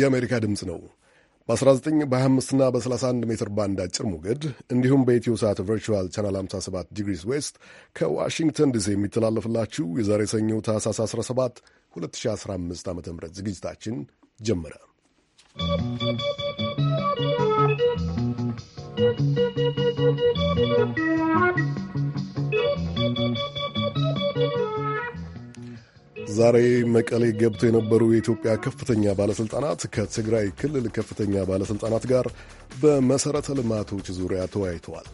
የአሜሪካ ድምፅ ነው። በ19 በ25ና በ31 ሜትር ባንድ አጭር ሞገድ እንዲሁም በኢትዮ ሰዓት ቨርቹዋል ቻናል 57 ዲግሪስ ዌስት ከዋሽንግተን ዲሲ የሚተላለፍላችሁ የዛሬ ሰኞ ታህሳስ 17 2015 ዓ ም ዝግጅታችን ጀመረ። ¶¶ ዛሬ መቀሌ ገብተው የነበሩ የኢትዮጵያ ከፍተኛ ባለስልጣናት ከትግራይ ክልል ከፍተኛ ባለስልጣናት ጋር በመሰረተ ልማቶች ዙሪያ ተወያይተዋል።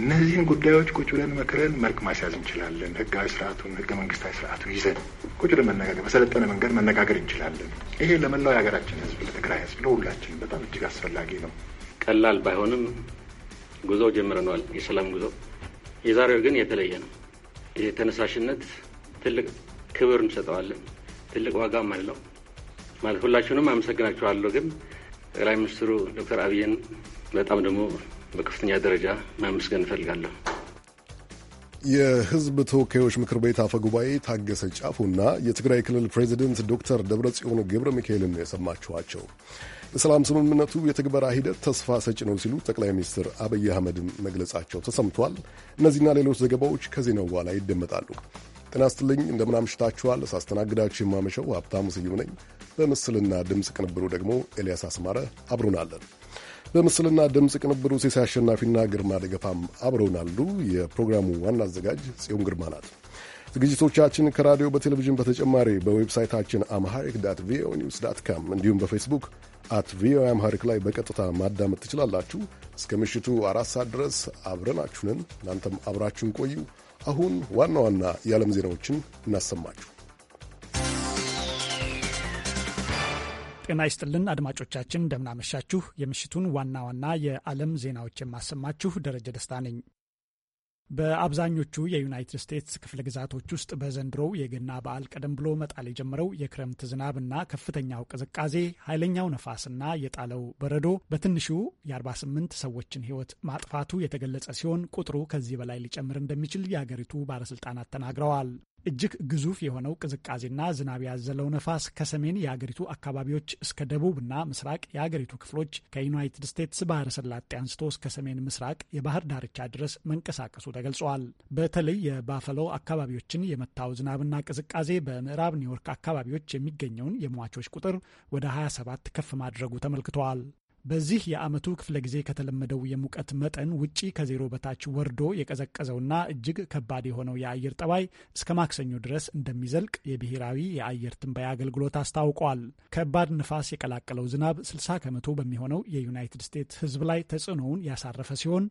እነዚህን ጉዳዮች ቁጭ ብለን መክረን መልክ ማስያዝ እንችላለን። ህጋዊ ስርዓቱን ህገ መንግስታዊ ስርዓቱን ይዘን ቁጭ ብለን መነጋገር በሰለጠነ መንገድ መነጋገር እንችላለን። ይሄ ለመላው የሀገራችን ህዝብ፣ ለትግራይ ህዝብ፣ ለሁላችን በጣም እጅግ አስፈላጊ ነው። ቀላል ባይሆንም ጉዞ ጀምረነዋል። የሰላም ጉዞ የዛሬው ግን የተለየ ነው። የተነሳሽነት ትልቅ ክብር እንሰጠዋለን። ትልቅ ዋጋም አለው ማለት ሁላችሁንም አመሰግናችኋለሁ። ግን ጠቅላይ ሚኒስትሩ ዶክተር አብይን በጣም ደግሞ በከፍተኛ ደረጃ ማመስገን እፈልጋለሁ። የህዝብ ተወካዮች ምክር ቤት አፈ ጉባኤ ታገሰ ጫፉና የትግራይ ክልል ፕሬዚደንት ዶክተር ደብረጽዮን ገብረ ሚካኤልን ነው የሰማችኋቸው። የሰላም ስምምነቱ የትግበራ ሂደት ተስፋ ሰጭ ነው ሲሉ ጠቅላይ ሚኒስትር አብይ አህመድን መግለጻቸው ተሰምቷል። እነዚህና ሌሎች ዘገባዎች ከዜናው በኋላ ይደመጣሉ። ጤና ይስጥልኝ። እንደምናምሽታችኋል። ሳስተናግዳችሁ የማመሸው ሀብታሙ ስዩም ነኝ። በምስልና ድምፅ ቅንብሩ ደግሞ ኤልያስ አስማረ አብሮናለን። በምስልና ድምፅ ቅንብሩ ሴሴ አሸናፊና ግርማ ደገፋም አብረውናሉ። የፕሮግራሙ ዋና አዘጋጅ ጽዮን ግርማ ናት። ዝግጅቶቻችን ከራዲዮ በቴሌቪዥን በተጨማሪ በዌብሳይታችን አምሃሪክ ዳት ቪኦኤ ኒውስ ዳት ካም እንዲሁም በፌስቡክ አት ቪኦኤ አምሃሪክ ላይ በቀጥታ ማዳመጥ ትችላላችሁ። እስከ ምሽቱ አራት ሰዓት ድረስ አብረናችሁንን እናንተም አብራችሁን ቆዩ። አሁን ዋና ዋና የዓለም ዜናዎችን እናሰማችሁ። ጤና ይስጥልን አድማጮቻችን፣ እንደምናመሻችሁ። የምሽቱን ዋና ዋና የዓለም ዜናዎች የማሰማችሁ ደረጀ ደስታ ነኝ። በአብዛኞቹ የዩናይትድ ስቴትስ ክፍለ ግዛቶች ውስጥ በዘንድሮው የገና በዓል ቀደም ብሎ መጣል የጀመረው የክረምት ዝናብና ከፍተኛው ቅዝቃዜ፣ ኃይለኛው ነፋስና የጣለው በረዶ በትንሹ የ48 ሰዎችን ሕይወት ማጥፋቱ የተገለጸ ሲሆን ቁጥሩ ከዚህ በላይ ሊጨምር እንደሚችል የሀገሪቱ ባለስልጣናት ተናግረዋል። እጅግ ግዙፍ የሆነው ቅዝቃዜና ዝናብ ያዘለው ነፋስ ከሰሜን የአገሪቱ አካባቢዎች እስከ ደቡብና ምስራቅ የአገሪቱ ክፍሎች ከዩናይትድ ስቴትስ ባህረ ሰላጤ አንስቶ እስከ ሰሜን ምስራቅ የባህር ዳርቻ ድረስ መንቀሳቀሱ ተገልጿል። በተለይ የባፈሎ አካባቢዎችን የመታው ዝናብና ቅዝቃዜ በምዕራብ ኒውዮርክ አካባቢዎች የሚገኘውን የሟቾች ቁጥር ወደ 27 ከፍ ማድረጉ ተመልክተዋል። በዚህ የዓመቱ ክፍለ ጊዜ ከተለመደው የሙቀት መጠን ውጪ ከዜሮ በታች ወርዶ የቀዘቀዘውና እጅግ ከባድ የሆነው የአየር ጠባይ እስከ ማክሰኞ ድረስ እንደሚዘልቅ የብሔራዊ የአየር ትንበያ አገልግሎት አስታውቋል። ከባድ ንፋስ የቀላቀለው ዝናብ 60 ከመቶ በሚሆነው የዩናይትድ ስቴትስ ሕዝብ ላይ ተጽዕኖውን ያሳረፈ ሲሆን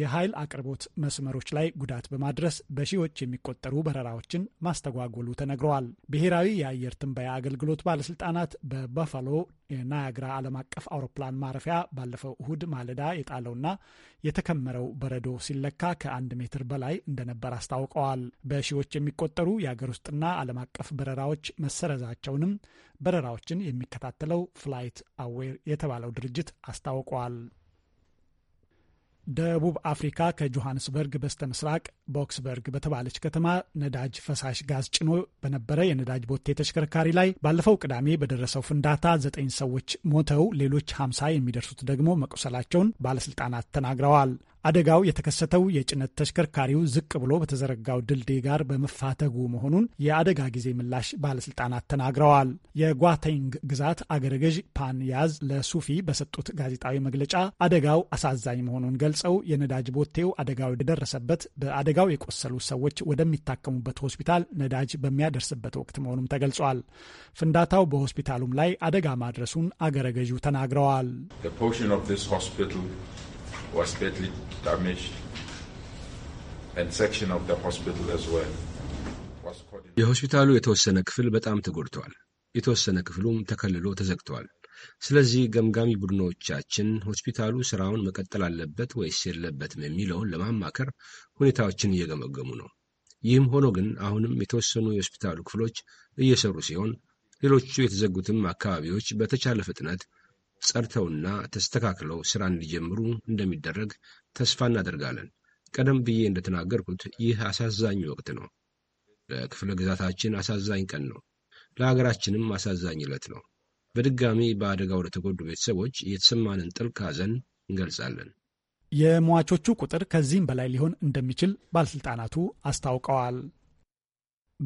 የኃይል አቅርቦት መስመሮች ላይ ጉዳት በማድረስ በሺዎች የሚቆጠሩ በረራዎችን ማስተጓጎሉ ተነግረዋል። ብሔራዊ የአየር ትንበያ አገልግሎት ባለስልጣናት በባፋሎ የናያግራ ዓለም አቀፍ አውሮፕላን ማረፊያ ባለፈው እሁድ ማለዳ የጣለውና የተከመረው በረዶ ሲለካ ከአንድ ሜትር በላይ እንደነበር አስታውቀዋል። በሺዎች የሚቆጠሩ የአገር ውስጥና ዓለም አቀፍ በረራዎች መሰረዛቸውንም በረራዎችን የሚከታተለው ፍላይት አዌር የተባለው ድርጅት አስታውቀዋል። ደቡብ አፍሪካ ከጆሃንስበርግ በስተ ምስራቅ ቦክስበርግ በተባለች ከተማ ነዳጅ ፈሳሽ ጋዝ ጭኖ በነበረ የነዳጅ ቦቴ ተሽከርካሪ ላይ ባለፈው ቅዳሜ በደረሰው ፍንዳታ ዘጠኝ ሰዎች ሞተው ሌሎች ሀምሳ የሚደርሱት ደግሞ መቁሰላቸውን ባለስልጣናት ተናግረዋል። አደጋው የተከሰተው የጭነት ተሽከርካሪው ዝቅ ብሎ በተዘረጋው ድልድይ ጋር በመፋተጉ መሆኑን የአደጋ ጊዜ ምላሽ ባለስልጣናት ተናግረዋል። የጓቴንግ ግዛት አገረ ገዥ ፓንያዝ ለሱፊ በሰጡት ጋዜጣዊ መግለጫ አደጋው አሳዛኝ መሆኑን ገልጸው የነዳጅ ቦቴው አደጋው የደረሰበት በአደጋ አደጋው የቆሰሉ ሰዎች ወደሚታከሙበት ሆስፒታል ነዳጅ በሚያደርስበት ወቅት መሆኑም ተገልጿል። ፍንዳታው በሆስፒታሉም ላይ አደጋ ማድረሱን አገረ ገዢው ተናግረዋል። የሆስፒታሉ የተወሰነ ክፍል በጣም ተጎድተዋል። የተወሰነ ክፍሉም ተከልሎ ተዘግተዋል። ስለዚህ ገምጋሚ ቡድኖቻችን ሆስፒታሉ ስራውን መቀጠል አለበት ወይስ የለበትም የሚለውን ለማማከር ሁኔታዎችን እየገመገሙ ነው። ይህም ሆኖ ግን አሁንም የተወሰኑ የሆስፒታሉ ክፍሎች እየሰሩ ሲሆን፣ ሌሎቹ የተዘጉትም አካባቢዎች በተቻለ ፍጥነት ጸድተውና ተስተካክለው ስራ እንዲጀምሩ እንደሚደረግ ተስፋ እናደርጋለን። ቀደም ብዬ እንደተናገርኩት ይህ አሳዛኝ ወቅት ነው። ለክፍለ ግዛታችን አሳዛኝ ቀን ነው። ለሀገራችንም አሳዛኝ ዕለት ነው። በድጋሚ በአደጋው ለተጎዱ ቤተሰቦች የተሰማንን ጥልቅ ሐዘን እንገልጻለን። የሟቾቹ ቁጥር ከዚህም በላይ ሊሆን እንደሚችል ባለሥልጣናቱ አስታውቀዋል።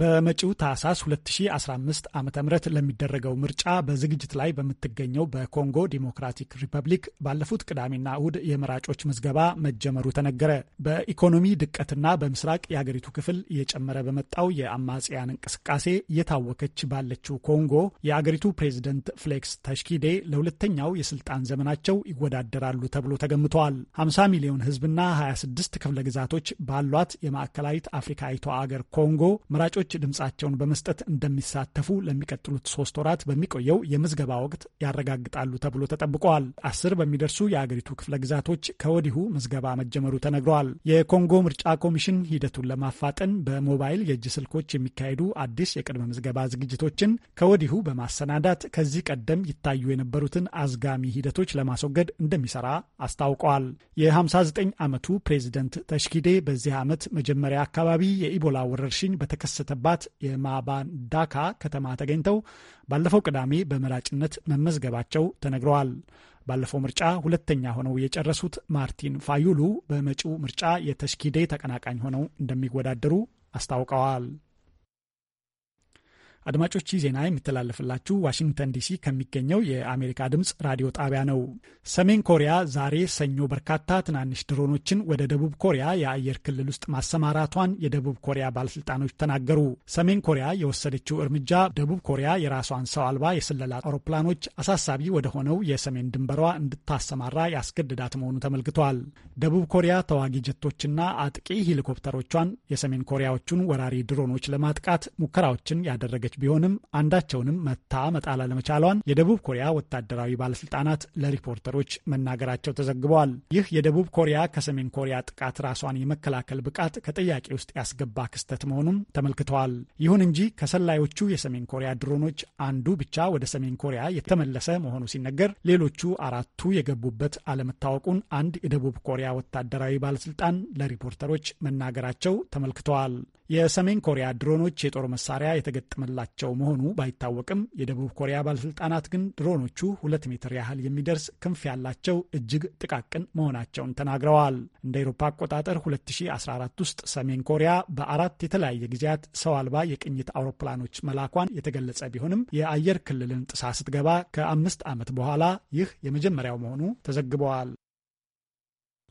በመጪው ታህሳስ 2015 ዓ ም ለሚደረገው ምርጫ በዝግጅት ላይ በምትገኘው በኮንጎ ዲሞክራቲክ ሪፐብሊክ ባለፉት ቅዳሜና እሁድ የመራጮች ምዝገባ መጀመሩ ተነገረ። በኢኮኖሚ ድቀትና በምስራቅ የአገሪቱ ክፍል እየጨመረ በመጣው የአማጽያን እንቅስቃሴ እየታወከች ባለችው ኮንጎ የአገሪቱ ፕሬዚደንት ፍሌክስ ተሽኪዴ ለሁለተኛው የስልጣን ዘመናቸው ይወዳደራሉ ተብሎ ተገምተዋል። 50 ሚሊዮን ህዝብና 26 ክፍለ ግዛቶች ባሏት የማዕከላዊት አፍሪካዊቷ አገር ኮንጎ መራጮች እጩዎች ድምፃቸውን በመስጠት እንደሚሳተፉ ለሚቀጥሉት ሶስት ወራት በሚቆየው የምዝገባ ወቅት ያረጋግጣሉ ተብሎ ተጠብቀዋል። አስር በሚደርሱ የአገሪቱ ክፍለ ግዛቶች ከወዲሁ ምዝገባ መጀመሩ ተነግረዋል። የኮንጎ ምርጫ ኮሚሽን ሂደቱን ለማፋጠን በሞባይል የእጅ ስልኮች የሚካሄዱ አዲስ የቅድመ ምዝገባ ዝግጅቶችን ከወዲሁ በማሰናዳት ከዚህ ቀደም ይታዩ የነበሩትን አዝጋሚ ሂደቶች ለማስወገድ እንደሚሰራ አስታውቀዋል። የ59 ዓመቱ ፕሬዚደንት ተሽኪዴ በዚህ ዓመት መጀመሪያ አካባቢ የኢቦላ ወረርሽኝ በተከሰተ በተመሰረተባት የማባንዳካ ከተማ ተገኝተው ባለፈው ቅዳሜ በመራጭነት መመዝገባቸው ተነግረዋል። ባለፈው ምርጫ ሁለተኛ ሆነው የጨረሱት ማርቲን ፋዩሉ በመጪው ምርጫ የተሽኪዴ ተቀናቃኝ ሆነው እንደሚወዳደሩ አስታውቀዋል። አድማጮች ይህ ዜና የሚተላለፍላችሁ ዋሽንግተን ዲሲ ከሚገኘው የአሜሪካ ድምፅ ራዲዮ ጣቢያ ነው። ሰሜን ኮሪያ ዛሬ ሰኞ በርካታ ትናንሽ ድሮኖችን ወደ ደቡብ ኮሪያ የአየር ክልል ውስጥ ማሰማራቷን የደቡብ ኮሪያ ባለስልጣኖች ተናገሩ። ሰሜን ኮሪያ የወሰደችው እርምጃ ደቡብ ኮሪያ የራሷን ሰው አልባ የስለላ አውሮፕላኖች አሳሳቢ ወደሆነው የሰሜን ድንበሯ እንድታሰማራ ያስገድዳት መሆኑ ተመልክቷል። ደቡብ ኮሪያ ተዋጊ ጀቶችና አጥቂ ሄሊኮፕተሮቿን የሰሜን ኮሪያዎቹን ወራሪ ድሮኖች ለማጥቃት ሙከራዎችን ያደረገች ቢሆንም አንዳቸውንም መታ መጣል አለመቻሏን የደቡብ ኮሪያ ወታደራዊ ባለስልጣናት ለሪፖርተሮች መናገራቸው ተዘግበዋል። ይህ የደቡብ ኮሪያ ከሰሜን ኮሪያ ጥቃት ራሷን የመከላከል ብቃት ከጥያቄ ውስጥ ያስገባ ክስተት መሆኑን ተመልክተዋል። ይሁን እንጂ ከሰላዮቹ የሰሜን ኮሪያ ድሮኖች አንዱ ብቻ ወደ ሰሜን ኮሪያ የተመለሰ መሆኑ ሲነገር፣ ሌሎቹ አራቱ የገቡበት አለመታወቁን አንድ የደቡብ ኮሪያ ወታደራዊ ባለስልጣን ለሪፖርተሮች መናገራቸው ተመልክተዋል። የሰሜን ኮሪያ ድሮኖች የጦር መሳሪያ የተገጠመላቸው ያላቸው መሆኑ ባይታወቅም የደቡብ ኮሪያ ባለስልጣናት ግን ድሮኖቹ ሁለት ሜትር ያህል የሚደርስ ክንፍ ያላቸው እጅግ ጥቃቅን መሆናቸውን ተናግረዋል። እንደ አውሮፓ አቆጣጠር 2014 ውስጥ ሰሜን ኮሪያ በአራት የተለያየ ጊዜያት ሰው አልባ የቅኝት አውሮፕላኖች መላኳን የተገለጸ ቢሆንም የአየር ክልልን ጥሳ ስትገባ ከአምስት ዓመት በኋላ ይህ የመጀመሪያው መሆኑ ተዘግበዋል።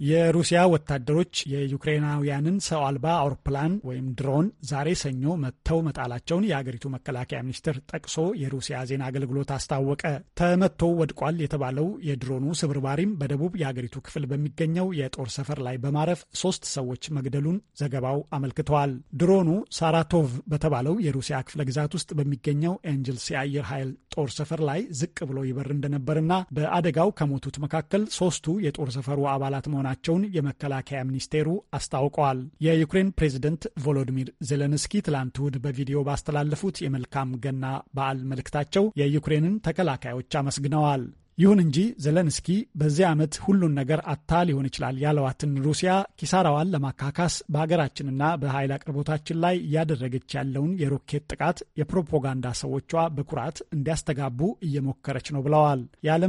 የሩሲያ ወታደሮች የዩክሬናውያንን ሰው አልባ አውሮፕላን ወይም ድሮን ዛሬ ሰኞ መጥተው መጣላቸውን የአገሪቱ መከላከያ ሚኒስትር ጠቅሶ የሩሲያ ዜና አገልግሎት አስታወቀ። ተመቶ ወድቋል የተባለው የድሮኑ ስብርባሪም በደቡብ የአገሪቱ ክፍል በሚገኘው የጦር ሰፈር ላይ በማረፍ ሶስት ሰዎች መግደሉን ዘገባው አመልክተዋል። ድሮኑ ሳራቶቭ በተባለው የሩሲያ ክፍለ ግዛት ውስጥ በሚገኘው ኤንጅልስ የአየር ኃይል ጦር ሰፈር ላይ ዝቅ ብሎ ይበር እንደነበርና በአደጋው ከሞቱት መካከል ሶስቱ የጦር ሰፈሩ አባላት መሆናል መሆናቸውን የመከላከያ ሚኒስቴሩ አስታውቀዋል። የዩክሬን ፕሬዝደንት ቮሎዲሚር ዜሌንስኪ ትላንት እሁድ በቪዲዮ ባስተላለፉት የመልካም ገና በዓል መልእክታቸው የዩክሬንን ተከላካዮች አመስግነዋል። ይሁን እንጂ ዘለንስኪ በዚህ ዓመት ሁሉን ነገር አታ ሊሆን ይችላል ያለዋትን ሩሲያ ኪሳራዋን ለማካካስ በሀገራችንና በኃይል አቅርቦታችን ላይ እያደረገች ያለውን የሮኬት ጥቃት የፕሮፓጋንዳ ሰዎቿ በኩራት እንዲያስተጋቡ እየሞከረች ነው ብለዋል። ያለ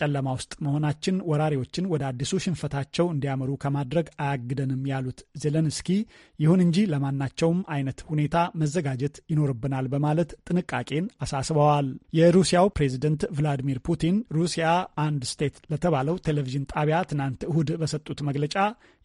ጨለማ ውስጥ መሆናችን ወራሪዎችን ወደ አዲሱ ሽንፈታቸው እንዲያመሩ ከማድረግ አያግደንም ያሉት ዜለንስኪ፣ ይሁን እንጂ ለማናቸውም አይነት ሁኔታ መዘጋጀት ይኖርብናል በማለት ጥንቃቄን አሳስበዋል። የሩሲያው ፕሬዝደንት ቭላዲሚር ፑቲን ሩሲያ አንድ ስቴት ለተባለው ቴሌቪዥን ጣቢያ ትናንት እሁድ በሰጡት መግለጫ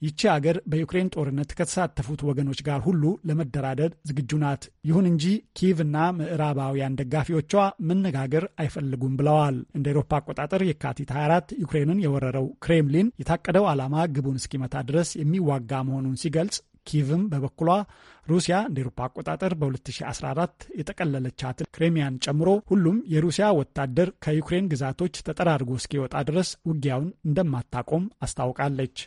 ይቺ አገር በዩክሬን ጦርነት ከተሳተፉት ወገኖች ጋር ሁሉ ለመደራደር ዝግጁ ናት። ይሁን እንጂ ኪቭ እና ምዕራባውያን ደጋፊዎቿ መነጋገር አይፈልጉም ብለዋል። እንደ ኤሮፓ አቆጣጠር የካቲት 24 ዩክሬንን የወረረው ክሬምሊን የታቀደው ዓላማ ግቡን እስኪመታ ድረስ የሚዋጋ መሆኑን ሲገልጽ ኪቭም በበኩሏ ሩሲያ እንደ ኤሮፓ አቆጣጠር በ2014 የጠቀለለቻትን ክሬሚያን ጨምሮ ሁሉም የሩሲያ ወታደር ከዩክሬን ግዛቶች ተጠራርጎ እስኪወጣ ድረስ ውጊያውን እንደማታቆም አስታውቃለች።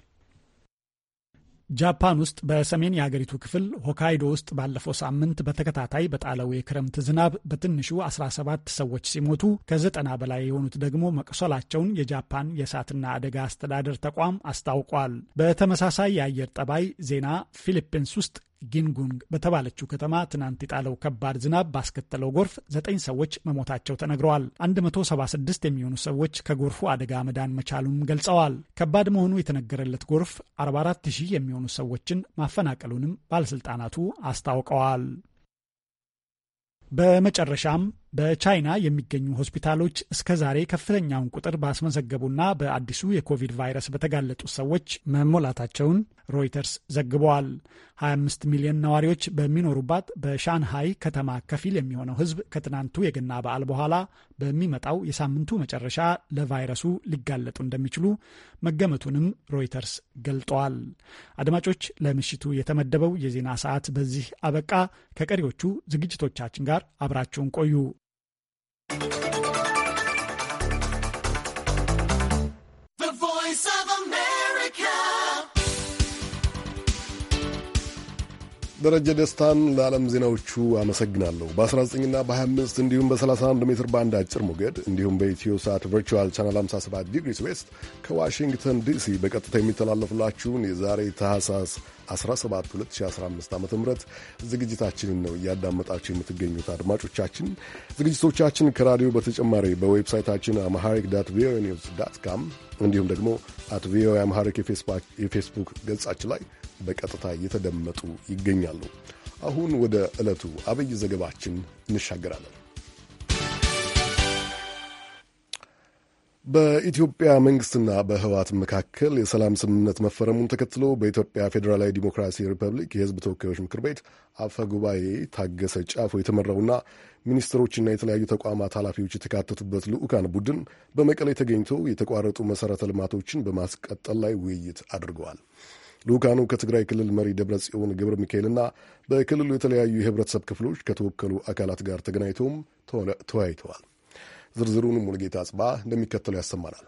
ጃፓን ውስጥ በሰሜን የአገሪቱ ክፍል ሆካይዶ ውስጥ ባለፈው ሳምንት በተከታታይ በጣለው የክረምት ዝናብ በትንሹ 17 ሰዎች ሲሞቱ ከዘጠና በላይ የሆኑት ደግሞ መቁሰላቸውን የጃፓን የእሳትና አደጋ አስተዳደር ተቋም አስታውቋል። በተመሳሳይ የአየር ጠባይ ዜና ፊሊፒንስ ውስጥ ጊንጉንግ በተባለችው ከተማ ትናንት የጣለው ከባድ ዝናብ ባስከተለው ጎርፍ ዘጠኝ ሰዎች መሞታቸው ተነግረዋል። 176 የሚሆኑ ሰዎች ከጎርፉ አደጋ መዳን መቻሉንም ገልጸዋል። ከባድ መሆኑ የተነገረለት ጎርፍ 44 ሺህ የሚሆኑ ሰዎችን ማፈናቀሉንም ባለሥልጣናቱ አስታውቀዋል። በመጨረሻም በቻይና የሚገኙ ሆስፒታሎች እስከ ዛሬ ከፍተኛውን ቁጥር ባስመዘገቡና በአዲሱ የኮቪድ ቫይረስ በተጋለጡ ሰዎች መሞላታቸውን ሮይተርስ ዘግበዋል። 25 ሚሊዮን ነዋሪዎች በሚኖሩባት በሻንሃይ ከተማ ከፊል የሚሆነው ሕዝብ ከትናንቱ የገና በዓል በኋላ በሚመጣው የሳምንቱ መጨረሻ ለቫይረሱ ሊጋለጡ እንደሚችሉ መገመቱንም ሮይተርስ ገልጠዋል። አድማጮች፣ ለምሽቱ የተመደበው የዜና ሰዓት በዚህ አበቃ። ከቀሪዎቹ ዝግጅቶቻችን ጋር አብራችሁን ቆዩ። Thank you. ደረጀ ደስታን ለዓለም ዜናዎቹ አመሰግናለሁ። በ19ና በ25 እንዲሁም በ31 ሜትር ባንድ አጭር ሞገድ እንዲሁም በኢትዮ ሰዓት ቨርቹዋል ቻናል 57 ዲግሪስ ዌስት ከዋሽንግተን ዲሲ በቀጥታ የሚተላለፍላችሁን የዛሬ ታህሳስ 17 2015 ዓ ም ዝግጅታችንን ነው እያዳመጣችሁ የምትገኙት አድማጮቻችን። ዝግጅቶቻችን ከራዲዮ በተጨማሪ በዌብሳይታችን አምሃሪክ ዳት ቪኦኤ ኒውስ ዳት ካም እንዲሁም ደግሞ አት ቪኦኤ አምሃሪክ የፌስቡክ ገጻችን ላይ በቀጥታ እየተደመጡ ይገኛሉ። አሁን ወደ ዕለቱ አብይ ዘገባችን እንሻገራለን። በኢትዮጵያ መንግስትና በህወሓት መካከል የሰላም ስምምነት መፈረሙን ተከትሎ በኢትዮጵያ ፌዴራላዊ ዲሞክራሲ ሪፐብሊክ የህዝብ ተወካዮች ምክር ቤት አፈ ጉባኤ ታገሰ ጫፎ የተመራውና ሚኒስትሮችና የተለያዩ ተቋማት ኃላፊዎች የተካተቱበት ልዑካን ቡድን በመቀሌ ተገኝቶ የተቋረጡ መሠረተ ልማቶችን በማስቀጠል ላይ ውይይት አድርገዋል። ልዑካኑ ከትግራይ ክልል መሪ ደብረ ጽዮን ገብረ ሚካኤልና በክልሉ የተለያዩ የህብረተሰብ ክፍሎች ከተወከሉ አካላት ጋር ተገናኝተውም ተወያይተዋል። ዝርዝሩን ሙሉጌታ አጽባ እንደሚከተለው ያሰማናል።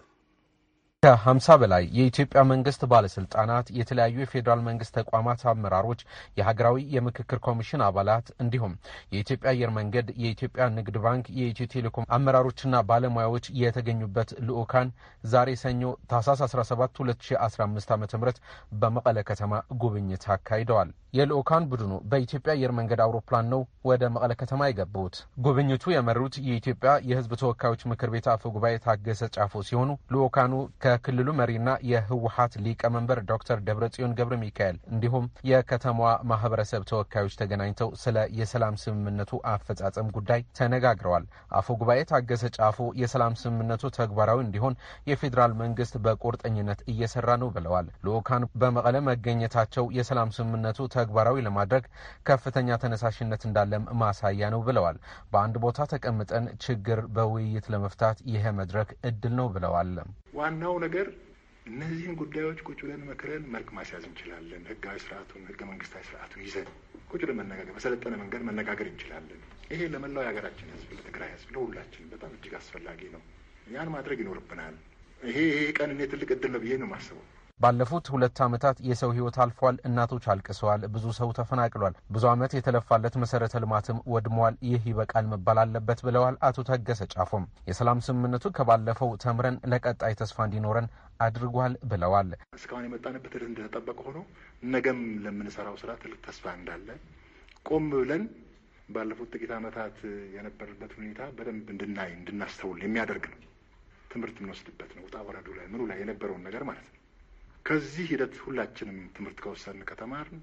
ከ50 በላይ የኢትዮጵያ መንግስት ባለስልጣናት፣ የተለያዩ የፌዴራል መንግስት ተቋማት አመራሮች፣ የሀገራዊ የምክክር ኮሚሽን አባላት እንዲሁም የኢትዮጵያ አየር መንገድ፣ የኢትዮጵያ ንግድ ባንክ፣ የኢትዮ ቴሌኮም አመራሮችና ባለሙያዎች የተገኙበት ልዑካን ዛሬ ሰኞ ታህሳስ 17 2015 ዓ ም በመቀለ ከተማ ጉብኝት አካሂደዋል። የልኡካን ቡድኑ በኢትዮጵያ አየር መንገድ አውሮፕላን ነው ወደ መቀለ ከተማ የገቡት። ጉብኝቱ የመሩት የኢትዮጵያ የሕዝብ ተወካዮች ምክር ቤት አፈ ጉባኤ ታገሰ ጫፎ ሲሆኑ ልኡካኑ ከክልሉ መሪና የህወሀት ሊቀመንበር ዶክተር ደብረጽዮን ገብረ ሚካኤል እንዲሁም የከተማዋ ማህበረሰብ ተወካዮች ተገናኝተው ስለ የሰላም ስምምነቱ አፈጻጸም ጉዳይ ተነጋግረዋል። አፈ ጉባኤ ታገሰ ጫፎ የሰላም ስምምነቱ ተግባራዊ እንዲሆን የፌዴራል መንግስት በቁርጠኝነት እየሰራ ነው ብለዋል። ልኡካን በመቀለ መገኘታቸው የሰላም ስምምነቱ ተግባራዊ ለማድረግ ከፍተኛ ተነሳሽነት እንዳለም ማሳያ ነው ብለዋል። በአንድ ቦታ ተቀምጠን ችግር በውይይት ለመፍታት ይሄ መድረክ እድል ነው ብለዋል። ዋናው ነገር እነዚህን ጉዳዮች ቁጭ ብለን መክረን መልክ ማስያዝ እንችላለን። ህጋዊ ስርአቱን ህገ መንግስታዊ ስርዓቱን ይዘን ቁጭ ብለን መነጋገር በሰለጠነ መንገድ መነጋገር እንችላለን። ይሄ ለመላው የሀገራችን ህዝብ፣ ለትግራይ ህዝብ፣ ለሁላችን በጣም እጅግ አስፈላጊ ነው። ያን ማድረግ ይኖርብናል። ይሄ ይሄ ቀን እኔ ትልቅ እድል ነው ብዬ ነው የማስበው። ባለፉት ሁለት ዓመታት የሰው ህይወት አልፏል። እናቶች አልቅሰዋል። ብዙ ሰው ተፈናቅሏል። ብዙ ዓመት የተለፋለት መሰረተ ልማትም ወድሟል። ይህ ይበቃል መባል አለበት ብለዋል አቶ ተገሰ ጫፎም። የሰላም ስምምነቱ ከባለፈው ተምረን ለቀጣይ ተስፋ እንዲኖረን አድርጓል ብለዋል። እስካሁን የመጣንበት ሂደት እንደተጠበቀ ሆኖ ነገም ለምንሰራው ስራ ትልቅ ተስፋ እንዳለ ቆም ብለን ባለፉት ጥቂት ዓመታት የነበርበት ሁኔታ በደንብ እንድናይ እንድናስተውል የሚያደርግ ነው። ትምህርት የምንወስድበት ነው። ውጣ ወረዱ ላይ ምኑ ላይ የነበረውን ነገር ማለት ነው። ከዚህ ሂደት ሁላችንም ትምህርት ከወሰን ከተማርን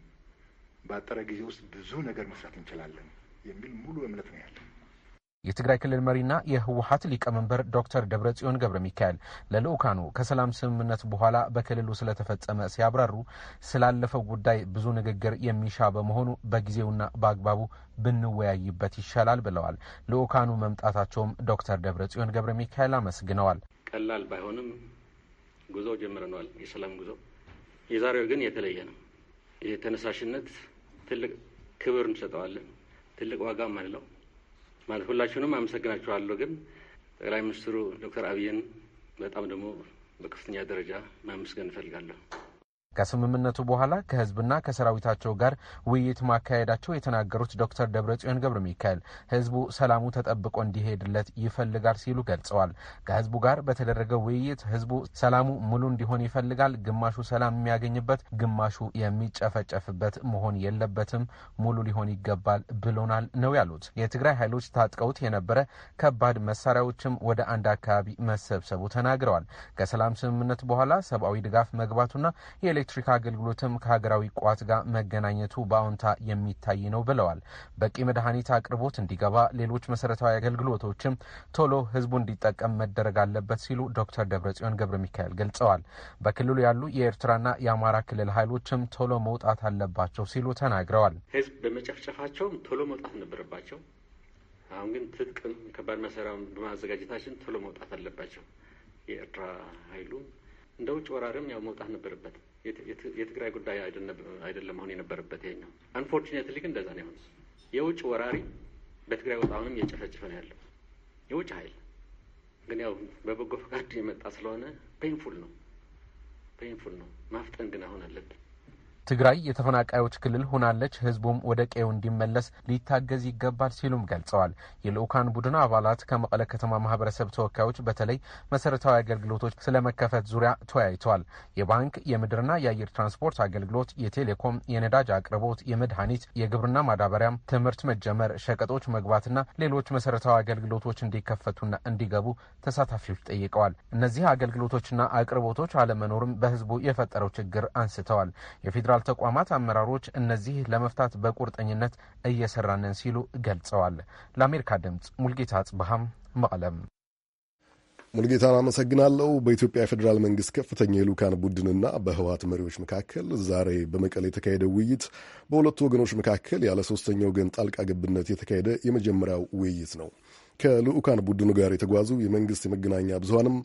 በአጠረ ጊዜ ውስጥ ብዙ ነገር መስራት እንችላለን የሚል ሙሉ እምነት ነው ያለን። የትግራይ ክልል መሪና የህወሀት ሊቀመንበር ዶክተር ደብረጽዮን ገብረ ሚካኤል ለልኡካኑ ከሰላም ስምምነት በኋላ በክልሉ ስለተፈጸመ ሲያብራሩ ስላለፈው ጉዳይ ብዙ ንግግር የሚሻ በመሆኑ በጊዜውና በአግባቡ ብንወያይበት ይሻላል ብለዋል። ልኡካኑ መምጣታቸውም ዶክተር ደብረጽዮን ገብረ ሚካኤል አመስግነዋል። ቀላል ባይሆንም ጉዞ ጀምረነዋል። የሰላም ጉዞ የዛሬው ግን የተለየ ነው። የተነሳሽነት ትልቅ ክብር እንሰጠዋለን፣ ትልቅ ዋጋ አለው ማለት ሁላችሁንም አመሰግናችኋለሁ። ግን ጠቅላይ ሚኒስትሩ ዶክተር አብይን በጣም ደግሞ በከፍተኛ ደረጃ ማመስገን እንፈልጋለሁ። ከስምምነቱ በኋላ ከህዝብና ከሰራዊታቸው ጋር ውይይት ማካሄዳቸው የተናገሩት ዶክተር ደብረጽዮን ገብረ ሚካኤል ህዝቡ ሰላሙ ተጠብቆ እንዲሄድለት ይፈልጋል ሲሉ ገልጸዋል። ከህዝቡ ጋር በተደረገ ውይይት ህዝቡ ሰላሙ ሙሉ እንዲሆን ይፈልጋል። ግማሹ ሰላም የሚያገኝበት፣ ግማሹ የሚጨፈጨፍበት መሆን የለበትም። ሙሉ ሊሆን ይገባል ብሎናል ነው ያሉት። የትግራይ ኃይሎች ታጥቀውት የነበረ ከባድ መሳሪያዎችም ወደ አንድ አካባቢ መሰብሰቡ ተናግረዋል። ከሰላም ስምምነት በኋላ ሰብአዊ ድጋፍ መግባቱና የኤሌክትሪክ አገልግሎትም ከሀገራዊ ቋት ጋር መገናኘቱ በአዎንታ የሚታይ ነው ብለዋል። በቂ መድኃኒት አቅርቦት እንዲገባ፣ ሌሎች መሰረታዊ አገልግሎቶችም ቶሎ ህዝቡ እንዲጠቀም መደረግ አለበት ሲሉ ዶክተር ደብረጽዮን ገብረ ሚካኤል ገልጸዋል። በክልሉ ያሉ የኤርትራና የአማራ ክልል ኃይሎችም ቶሎ መውጣት አለባቸው ሲሉ ተናግረዋል። ህዝብ በመጨፍጨፋቸውም ቶሎ መውጣት ነበረባቸው። አሁን ግን ትጥቅም ከባድ መሳሪያውን በማዘጋጀታችን ቶሎ መውጣት አለባቸው። የኤርትራ ኃይሉም እንደ ውጭ ወራሪም ያው መውጣት ነበረበት። የትግራይ ጉዳይ አይደለም መሆን የነበረበት ይሄኛው። አንፎርቹኔትሊ ግን እንደዛ ነው የሆነ። የውጭ ወራሪ በትግራይ ውስጥ አሁንም እየጨፈጨፈ ነው ያለው የውጭ ኃይል። ግን ያው በበጎ ፈቃድ የመጣ ስለሆነ ፔንፉል ነው፣ ፔንፉል ነው። ማፍጠን ግን አሁን አለብን። ትግራይ የተፈናቃዮች ክልል ሆናለች፣ ህዝቡም ወደ ቀዩ እንዲመለስ ሊታገዝ ይገባል ሲሉም ገልጸዋል። የልኡካን ቡድን አባላት ከመቀለ ከተማ ማህበረሰብ ተወካዮች በተለይ መሰረታዊ አገልግሎቶች ስለመከፈት ዙሪያ ተወያይተዋል። የባንክ የምድርና የአየር ትራንስፖርት አገልግሎት፣ የቴሌኮም፣ የነዳጅ አቅርቦት፣ የመድኃኒት፣ የግብርና ማዳበሪያም፣ ትምህርት መጀመር፣ ሸቀጦች መግባትና ሌሎች መሰረታዊ አገልግሎቶች እንዲከፈቱና እንዲገቡ ተሳታፊዎች ጠይቀዋል። እነዚህ አገልግሎቶችና አቅርቦቶች አለመኖርም በህዝቡ የፈጠረው ችግር አንስተዋል። የፌዴራል የፌዴራል ተቋማት አመራሮች እነዚህ ለመፍታት በቁርጠኝነት እየሰራንን ሲሉ ገልጸዋል። ለአሜሪካ ድምፅ ሙልጌታ አጽብሃም መቀለም። ሙልጌታን አመሰግናለሁ። በኢትዮጵያ የፌዴራል መንግስት ከፍተኛ የልዑካን ቡድንና በህወሓት መሪዎች መካከል ዛሬ በመቀሌ የተካሄደው ውይይት በሁለቱ ወገኖች መካከል ያለ ሶስተኛ ወገን ጣልቃ ገብነት የተካሄደ የመጀመሪያው ውይይት ነው። ከልኡካን ቡድኑ ጋር የተጓዙ የመንግስት የመገናኛ ብዙሀንም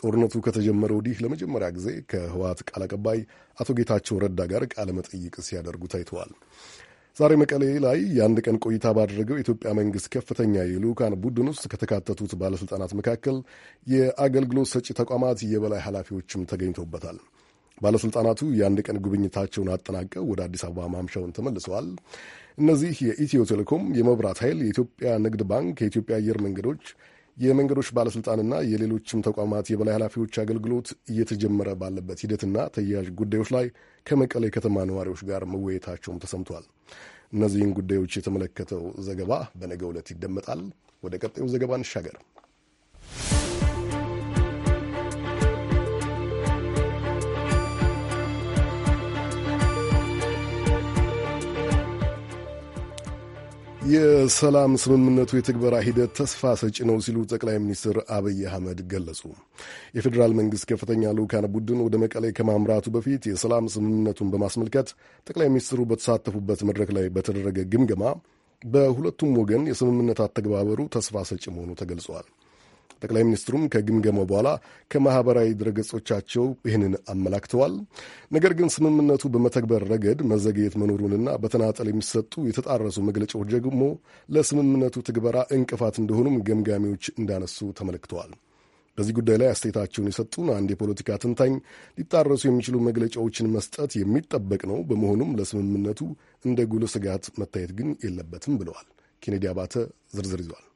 ጦርነቱ ከተጀመረ ወዲህ ለመጀመሪያ ጊዜ ከህወሓት ቃል አቀባይ አቶ ጌታቸው ረዳ ጋር ቃለ መጠይቅ ሲያደርጉ ታይተዋል። ዛሬ መቀሌ ላይ የአንድ ቀን ቆይታ ባደረገው የኢትዮጵያ መንግስት ከፍተኛ የልዑካን ቡድን ውስጥ ከተካተቱት ባለሥልጣናት መካከል የአገልግሎት ሰጪ ተቋማት የበላይ ኃላፊዎችም ተገኝተውበታል። ባለሥልጣናቱ የአንድ ቀን ጉብኝታቸውን አጠናቀው ወደ አዲስ አበባ ማምሻውን ተመልሰዋል። እነዚህ የኢትዮ ቴሌኮም፣ የመብራት ኃይል፣ የኢትዮጵያ ንግድ ባንክ፣ የኢትዮጵያ አየር መንገዶች፣ የመንገዶች ባለስልጣንና የሌሎችም ተቋማት የበላይ ኃላፊዎች አገልግሎት እየተጀመረ ባለበት ሂደትና ተያያዥ ጉዳዮች ላይ ከመቀሌ ከተማ ነዋሪዎች ጋር መወየታቸውም ተሰምቷል። እነዚህን ጉዳዮች የተመለከተው ዘገባ በነገ ዕለት ይደመጣል። ወደ ቀጣዩ ዘገባ እንሻገር። የሰላም ስምምነቱ የትግበራ ሂደት ተስፋ ሰጪ ነው ሲሉ ጠቅላይ ሚኒስትር አብይ አህመድ ገለጹ። የፌዴራል መንግሥት ከፍተኛ ልዑካን ቡድን ወደ መቀሌ ከማምራቱ በፊት የሰላም ስምምነቱን በማስመልከት ጠቅላይ ሚኒስትሩ በተሳተፉበት መድረክ ላይ በተደረገ ግምገማ በሁለቱም ወገን የስምምነት አተገባበሩ ተስፋ ሰጪ መሆኑ ተገልጿል። ጠቅላይ ሚኒስትሩም ከግምገማው በኋላ ከማህበራዊ ድረገጾቻቸው ይህንን አመላክተዋል። ነገር ግን ስምምነቱ በመተግበር ረገድ መዘግየት መኖሩንና በተናጠል የሚሰጡ የተጣረሱ መግለጫዎች ደግሞ ለስምምነቱ ትግበራ እንቅፋት እንደሆኑም ገምጋሚዎች እንዳነሱ ተመልክተዋል። በዚህ ጉዳይ ላይ አስተያየታቸውን የሰጡን አንድ የፖለቲካ ትንታኝ ሊጣረሱ የሚችሉ መግለጫዎችን መስጠት የሚጠበቅ ነው፣ በመሆኑም ለስምምነቱ እንደ ጉልህ ስጋት መታየት ግን የለበትም ብለዋል። ኬኔዲ አባተ ዝርዝር ይዟል።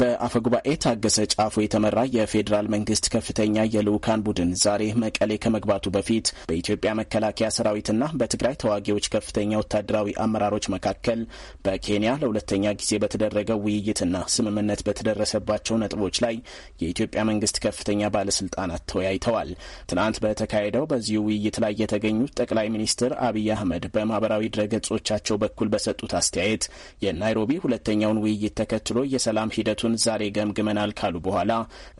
በአፈጉባኤ ታገሰ ጫፎ የተመራ የፌዴራል መንግስት ከፍተኛ የልዑካን ቡድን ዛሬ መቀሌ ከመግባቱ በፊት በኢትዮጵያ መከላከያ ሰራዊትና በትግራይ ተዋጊዎች ከፍተኛ ወታደራዊ አመራሮች መካከል በኬንያ ለሁለተኛ ጊዜ በተደረገው ውይይትና ስምምነት በተደረሰባቸው ነጥቦች ላይ የኢትዮጵያ መንግስት ከፍተኛ ባለስልጣናት ተወያይተዋል። ትናንት በተካሄደው በዚሁ ውይይት ላይ የተገኙት ጠቅላይ ሚኒስትር አብይ አህመድ በማህበራዊ ድረገጾቻቸው በኩል በሰጡት አስተያየት የናይሮቢ ሁለተኛውን ውይይት ተከትሎ የሰላም ሂደቱ ሂደቱን ዛሬ ገምግመናል ካሉ በኋላ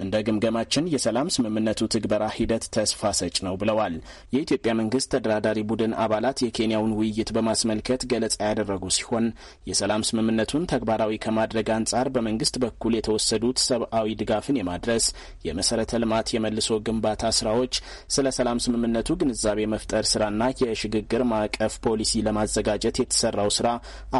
እንደ ግምገማችን የሰላም ስምምነቱ ትግበራ ሂደት ተስፋ ሰጭ ነው ብለዋል። የኢትዮጵያ መንግስት ተደራዳሪ ቡድን አባላት የኬንያውን ውይይት በማስመልከት ገለጻ ያደረጉ ሲሆን የሰላም ስምምነቱን ተግባራዊ ከማድረግ አንጻር በመንግስት በኩል የተወሰዱት ሰብአዊ ድጋፍን የማድረስ የመሰረተ ልማት የመልሶ ግንባታ ስራዎች፣ ስለ ሰላም ስምምነቱ ግንዛቤ መፍጠር ስራና የሽግግር ማዕቀፍ ፖሊሲ ለማዘጋጀት የተሰራው ስራ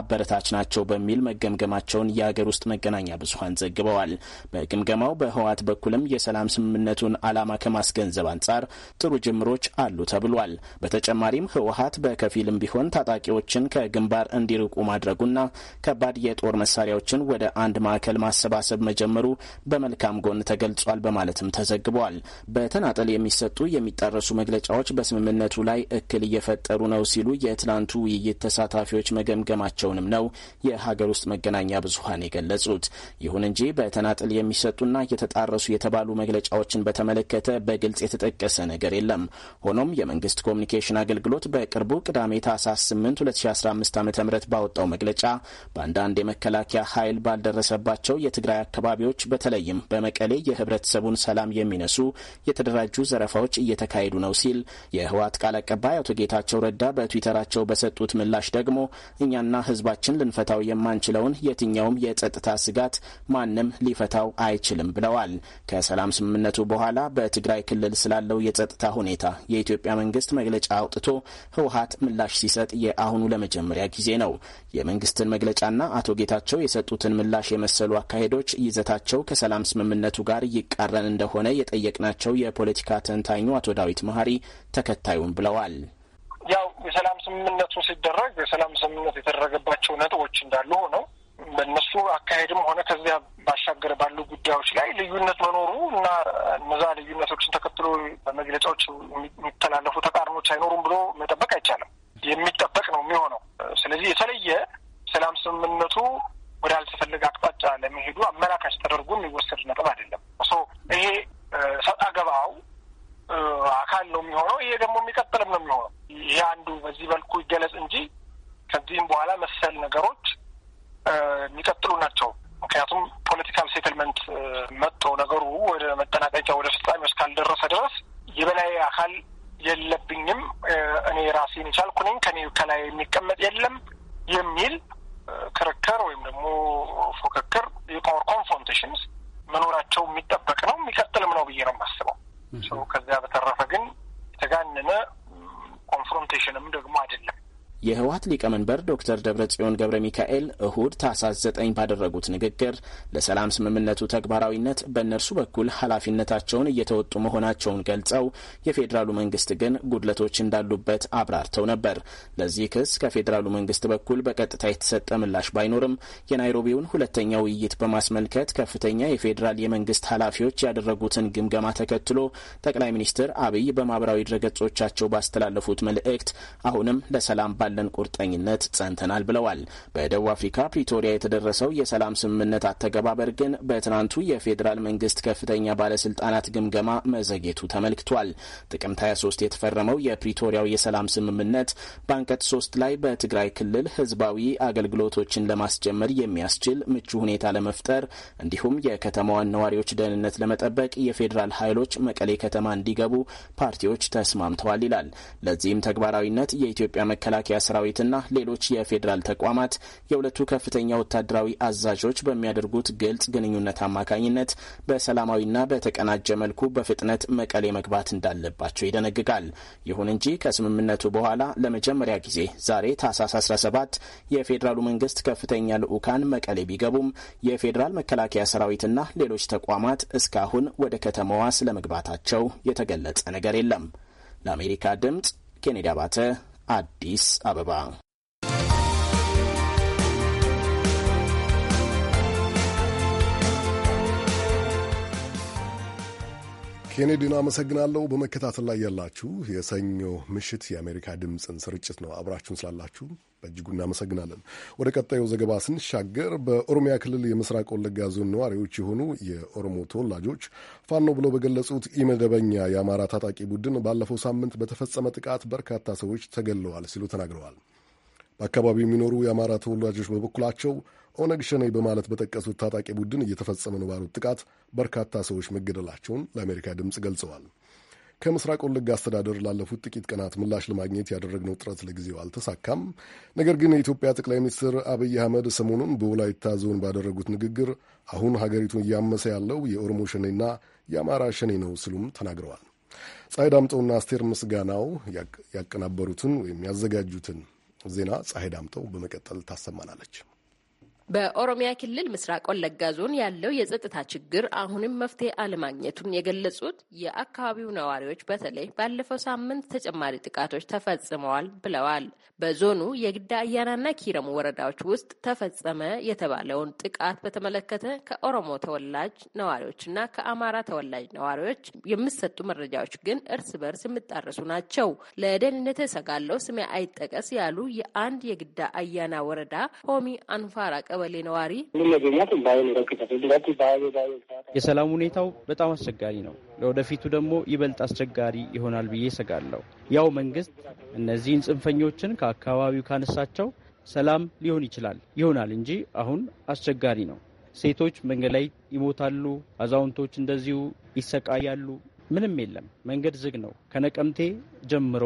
አበረታች ናቸው በሚል መገምገማቸውን የአገር ውስጥ መገናኛ ብዙሀን መሆኗን ዘግበዋል። በግምገማው በህወሓት በኩልም የሰላም ስምምነቱን ዓላማ ከማስገንዘብ አንጻር ጥሩ ጅምሮች አሉ ተብሏል። በተጨማሪም ህወሓት በከፊልም ቢሆን ታጣቂዎችን ከግንባር እንዲርቁ ማድረጉና ከባድ የጦር መሳሪያዎችን ወደ አንድ ማዕከል ማሰባሰብ መጀመሩ በመልካም ጎን ተገልጿል በማለትም ተዘግቧል። በተናጠል የሚሰጡ የሚጣረሱ መግለጫዎች በስምምነቱ ላይ እክል እየፈጠሩ ነው ሲሉ የትናንቱ ውይይት ተሳታፊዎች መገምገማቸውንም ነው የሀገር ውስጥ መገናኛ ብዙሀን የገለጹት። ይሁን ይሁን እንጂ በተናጥል የሚሰጡና እየተጣረሱ የተባሉ መግለጫዎችን በተመለከተ በግልጽ የተጠቀሰ ነገር የለም። ሆኖም የመንግስት ኮሚኒኬሽን አገልግሎት በቅርቡ ቅዳሜ ታህሳስ 8 2015 ዓ ም ባወጣው መግለጫ በአንዳንድ የመከላከያ ኃይል ባልደረሰባቸው የትግራይ አካባቢዎች በተለይም በመቀሌ የህብረተሰቡን ሰላም የሚነሱ የተደራጁ ዘረፋዎች እየተካሄዱ ነው ሲል የህወሓት ቃል አቀባይ አቶ ጌታቸው ረዳ በትዊተራቸው በሰጡት ምላሽ ደግሞ እኛና ህዝባችን ልንፈታው የማንችለውን የትኛውም የጸጥታ ስጋት ማንም ሊፈታው አይችልም ብለዋል። ከሰላም ስምምነቱ በኋላ በትግራይ ክልል ስላለው የጸጥታ ሁኔታ የኢትዮጵያ መንግስት መግለጫ አውጥቶ ህወሀት ምላሽ ሲሰጥ የአሁኑ ለመጀመሪያ ጊዜ ነው። የመንግስትን መግለጫና አቶ ጌታቸው የሰጡትን ምላሽ የመሰሉ አካሄዶች ይዘታቸው ከሰላም ስምምነቱ ጋር ይቃረን እንደሆነ የጠየቅናቸው የፖለቲካ ተንታኙ አቶ ዳዊት መሀሪ ተከታዩም ብለዋል። ያው የሰላም ስምምነቱ ሲደረግ የሰላም ስምምነት የተደረገባቸው ነጥቦች እንዳሉ ሆነው በእነሱ አካሄድም ሆነ ከዚያ ባሻገር ባሉ ጉዳዮች ላይ ልዩነት መኖሩ እና እነዛ ልዩነቶችን ተከትሎ በመግለጫዎች የሚተላለፉ ተቃርኖች አይኖሩም ብሎ መጠበቅ አይቻልም። የሚጠበቅ ነው የሚሆነው። ስለዚህ የተለየ ሰላም ስምምነቱ ወደ አልተፈለገ አቅጣጫ ለመሄዱ አመላካች ተደርጎ የሚወሰድ ነጥብ አይደለም። ይሄ ሰጣ ገባው አካል ነው የሚሆነው። ይሄ ደግሞ የሚቀጥልም ነው የሚሆነው። ይሄ አንዱ በዚህ መልኩ ይገለጽ እንጂ ከዚህም በኋላ መሰል ነገሮች የሚቀጥሉ ናቸው። ምክንያቱም ፖለቲካል ሴትልመንት መጥቶ ነገሩ ወደ መጠናቀቂያ ወደ ፍጻሜ እስካልደረሰ ድረስ የበላይ አካል የለብኝም፣ እኔ ራሴን የቻልኩ ነኝ፣ ከኔ ከላይ የሚቀመጥ የለም የሚል ክርክር ወይም ደግሞ ፉክክር የፓወር ኮንፍሮንቴሽንስ መኖራቸው የሚጠበቅ ነው የሚቀጥልም ነው ብዬ ነው የማስበው። ከዚያ በተረፈ ግን የተጋነነ ኮንፍሮንቴሽንም ደግሞ አይደለም። የህወሀት ሊቀመንበር ዶክተር ደብረጽዮን ገብረ ሚካኤል እሁድ ታህሳስ ዘጠኝ ባደረጉት ንግግር ለሰላም ስምምነቱ ተግባራዊነት በእነርሱ በኩል ኃላፊነታቸውን እየተወጡ መሆናቸውን ገልጸው የፌዴራሉ መንግስት ግን ጉድለቶች እንዳሉበት አብራርተው ነበር። ለዚህ ክስ ከፌዴራሉ መንግስት በኩል በቀጥታ የተሰጠ ምላሽ ባይኖርም የናይሮቢውን ሁለተኛ ውይይት በማስመልከት ከፍተኛ የፌዴራል የመንግስት ኃላፊዎች ያደረጉትን ግምገማ ተከትሎ ጠቅላይ ሚኒስትር አብይ በማህበራዊ ድረገጾቻቸው ባስተላለፉት መልእክት አሁንም ለሰላም ባ ባለን ቁርጠኝነት ጸንተናል ብለዋል። በደቡብ አፍሪካ ፕሪቶሪያ የተደረሰው የሰላም ስምምነት አተገባበር ግን በትናንቱ የፌዴራል መንግስት ከፍተኛ ባለስልጣናት ግምገማ መዘግየቱ ተመልክቷል። ጥቅምት 23 የተፈረመው የፕሪቶሪያው የሰላም ስምምነት በአንቀጽ 3 ላይ በትግራይ ክልል ህዝባዊ አገልግሎቶችን ለማስጀመር የሚያስችል ምቹ ሁኔታ ለመፍጠር እንዲሁም የከተማዋን ነዋሪዎች ደህንነት ለመጠበቅ የፌዴራል ኃይሎች መቀሌ ከተማ እንዲገቡ ፓርቲዎች ተስማምተዋል ይላል። ለዚህም ተግባራዊነት የኢትዮጵያ መከላከያ ሰራዊትና ሌሎች የፌዴራል ተቋማት የሁለቱ ከፍተኛ ወታደራዊ አዛዦች በሚያደርጉት ግልጽ ግንኙነት አማካኝነት በሰላማዊና በተቀናጀ መልኩ በፍጥነት መቀሌ መግባት እንዳለባቸው ይደነግጋል። ይሁን እንጂ ከስምምነቱ በኋላ ለመጀመሪያ ጊዜ ዛሬ ታህሳስ 17 የፌዴራሉ መንግስት ከፍተኛ ልዑካን መቀሌ ቢገቡም የፌዴራል መከላከያ ሰራዊትና ሌሎች ተቋማት እስካሁን ወደ ከተማዋ ስለመግባታቸው የተገለጸ ነገር የለም። ለአሜሪካ ድምጽ ኬኔዲ አባተ አዲስ አበባ። ኬኔዲን አመሰግናለሁ። በመከታተል ላይ ያላችሁ የሰኞ ምሽት የአሜሪካ ድምፅን ስርጭት ነው። አብራችሁን ስላላችሁ በእጅጉ እናመሰግናለን። ወደ ቀጣዩ ዘገባ ስንሻገር በኦሮሚያ ክልል የምስራቅ ወለጋ ዞን ነዋሪዎች የሆኑ የኦሮሞ ተወላጆች ፋኖ ብለው በገለጹት ኢመደበኛ የአማራ ታጣቂ ቡድን ባለፈው ሳምንት በተፈጸመ ጥቃት በርካታ ሰዎች ተገለዋል ሲሉ ተናግረዋል። በአካባቢው የሚኖሩ የአማራ ተወላጆች በበኩላቸው ኦነግ ሸኔ በማለት በጠቀሱት ታጣቂ ቡድን እየተፈጸመ ነው ባሉት ጥቃት በርካታ ሰዎች መገደላቸውን ለአሜሪካ ድምፅ ገልጸዋል። ከምስራቅ ወለጋ አስተዳደር ላለፉት ጥቂት ቀናት ምላሽ ለማግኘት ያደረግነው ጥረት ለጊዜው አልተሳካም። ነገር ግን የኢትዮጵያ ጠቅላይ ሚኒስትር አብይ አህመድ ሰሞኑን በወላይታ ዞን ባደረጉት ንግግር አሁን ሀገሪቱን እያመሰ ያለው የኦሮሞ ሸኔና የአማራ ሸኔ ነው ሲሉም ተናግረዋል። ፀሐይ ዳምጠውና አስቴር ምስጋናው ያቀናበሩትን ወይም ያዘጋጁትን ዜና ፀሐይ ዳምጠው በመቀጠል ታሰማናለች። በኦሮሚያ ክልል ምስራቅ ወለጋ ዞን ያለው የጸጥታ ችግር አሁንም መፍትሄ አለማግኘቱን የገለጹት የአካባቢው ነዋሪዎች በተለይ ባለፈው ሳምንት ተጨማሪ ጥቃቶች ተፈጽመዋል ብለዋል። በዞኑ የግዳ አያናና ኪረሙ ወረዳዎች ውስጥ ተፈጸመ የተባለውን ጥቃት በተመለከተ ከኦሮሞ ተወላጅ ነዋሪዎችና ከአማራ ተወላጅ ነዋሪዎች የሚሰጡ መረጃዎች ግን እርስ በርስ የሚጣረሱ ናቸው። ለደህንነት ሰጋለው ስሜ አይጠቀስ ያሉ የአንድ የግዳ አያና ወረዳ ሆሚ አንፋራ ቀበሌ ነዋሪ የሰላም ሁኔታው በጣም አስቸጋሪ ነው። ለወደፊቱ ደግሞ ይበልጥ አስቸጋሪ ይሆናል ብዬ ሰጋለሁ። ያው መንግስት እነዚህን ጽንፈኞችን ከአካባቢው ካነሳቸው ሰላም ሊሆን ይችላል ይሆናል እንጂ አሁን አስቸጋሪ ነው። ሴቶች መንገድ ላይ ይሞታሉ። አዛውንቶች እንደዚሁ ይሰቃያሉ። ምንም የለም። መንገድ ዝግ ነው። ከነቀምቴ ጀምሮ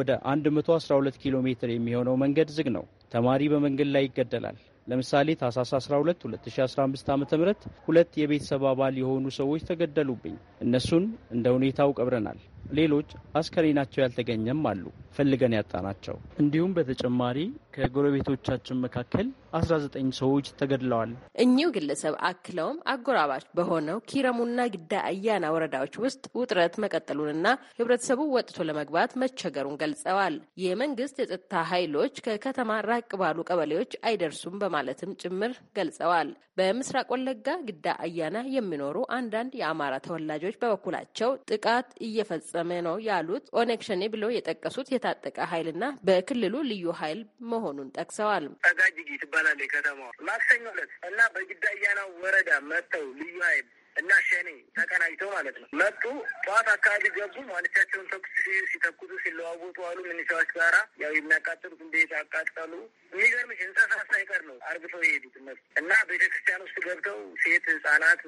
ወደ 112 ኪሎ ሜትር የሚሆነው መንገድ ዝግ ነው። ተማሪ በመንገድ ላይ ይገደላል። ለምሳሌ ታህሳስ 12 2015 ዓ ም ሁለት የቤተሰብ አባል የሆኑ ሰዎች ተገደሉብኝ። እነሱን እንደ ሁኔታው ቀብረናል። ሌሎች አስከሬናቸው ያልተገኘም አሉ ፈልገን ያጣናቸው። እንዲሁም በተጨማሪ ከጎረቤቶቻችን መካከል 19 ሰዎች ተገድለዋል። እኚው ግለሰብ አክለውም አጎራባች በሆነው ኪረሙና ግዳ አያና ወረዳዎች ውስጥ ውጥረት መቀጠሉንና ህብረተሰቡ ወጥቶ ለመግባት መቸገሩን ገልጸዋል። የመንግስት የጸጥታ ኃይሎች ከከተማ ራቅ ባሉ ቀበሌዎች አይደርሱም በማለትም ጭምር ገልጸዋል። በምስራቅ ወለጋ ግዳ አያና የሚኖሩ አንዳንድ የአማራ ተወላጆች በበኩላቸው ጥቃት እየፈጸ እየተፈጸመ ነው ያሉት ኦነግ ሸኔ ብለው የጠቀሱት የታጠቀ ኃይልና በክልሉ ልዩ ኃይል መሆኑን ጠቅሰዋል። ጋጅጊ ትባላለች ከተማዋ ማክሰኞ ዕለት እና በግዳያና ወረዳ መጥተው ልዩ ኃይል እና ሸኔ ተቀናጅተው ማለት ነው መጡ። ጠዋት አካባቢ ገቡ። ማለቻቸውን ተኩስ ሲተኩሱ ሲለዋወጡ አሉ። ምንሻዎች ጋራ ያው የሚያቃጥሉትን እንዴት አቃጠሉ። የሚገርምሽ እንስሳ ሳይቀር ነው አርግተው የሄዱት እነሱ እና ቤተክርስቲያን ውስጥ ገብተው ሴት ህጻናት፣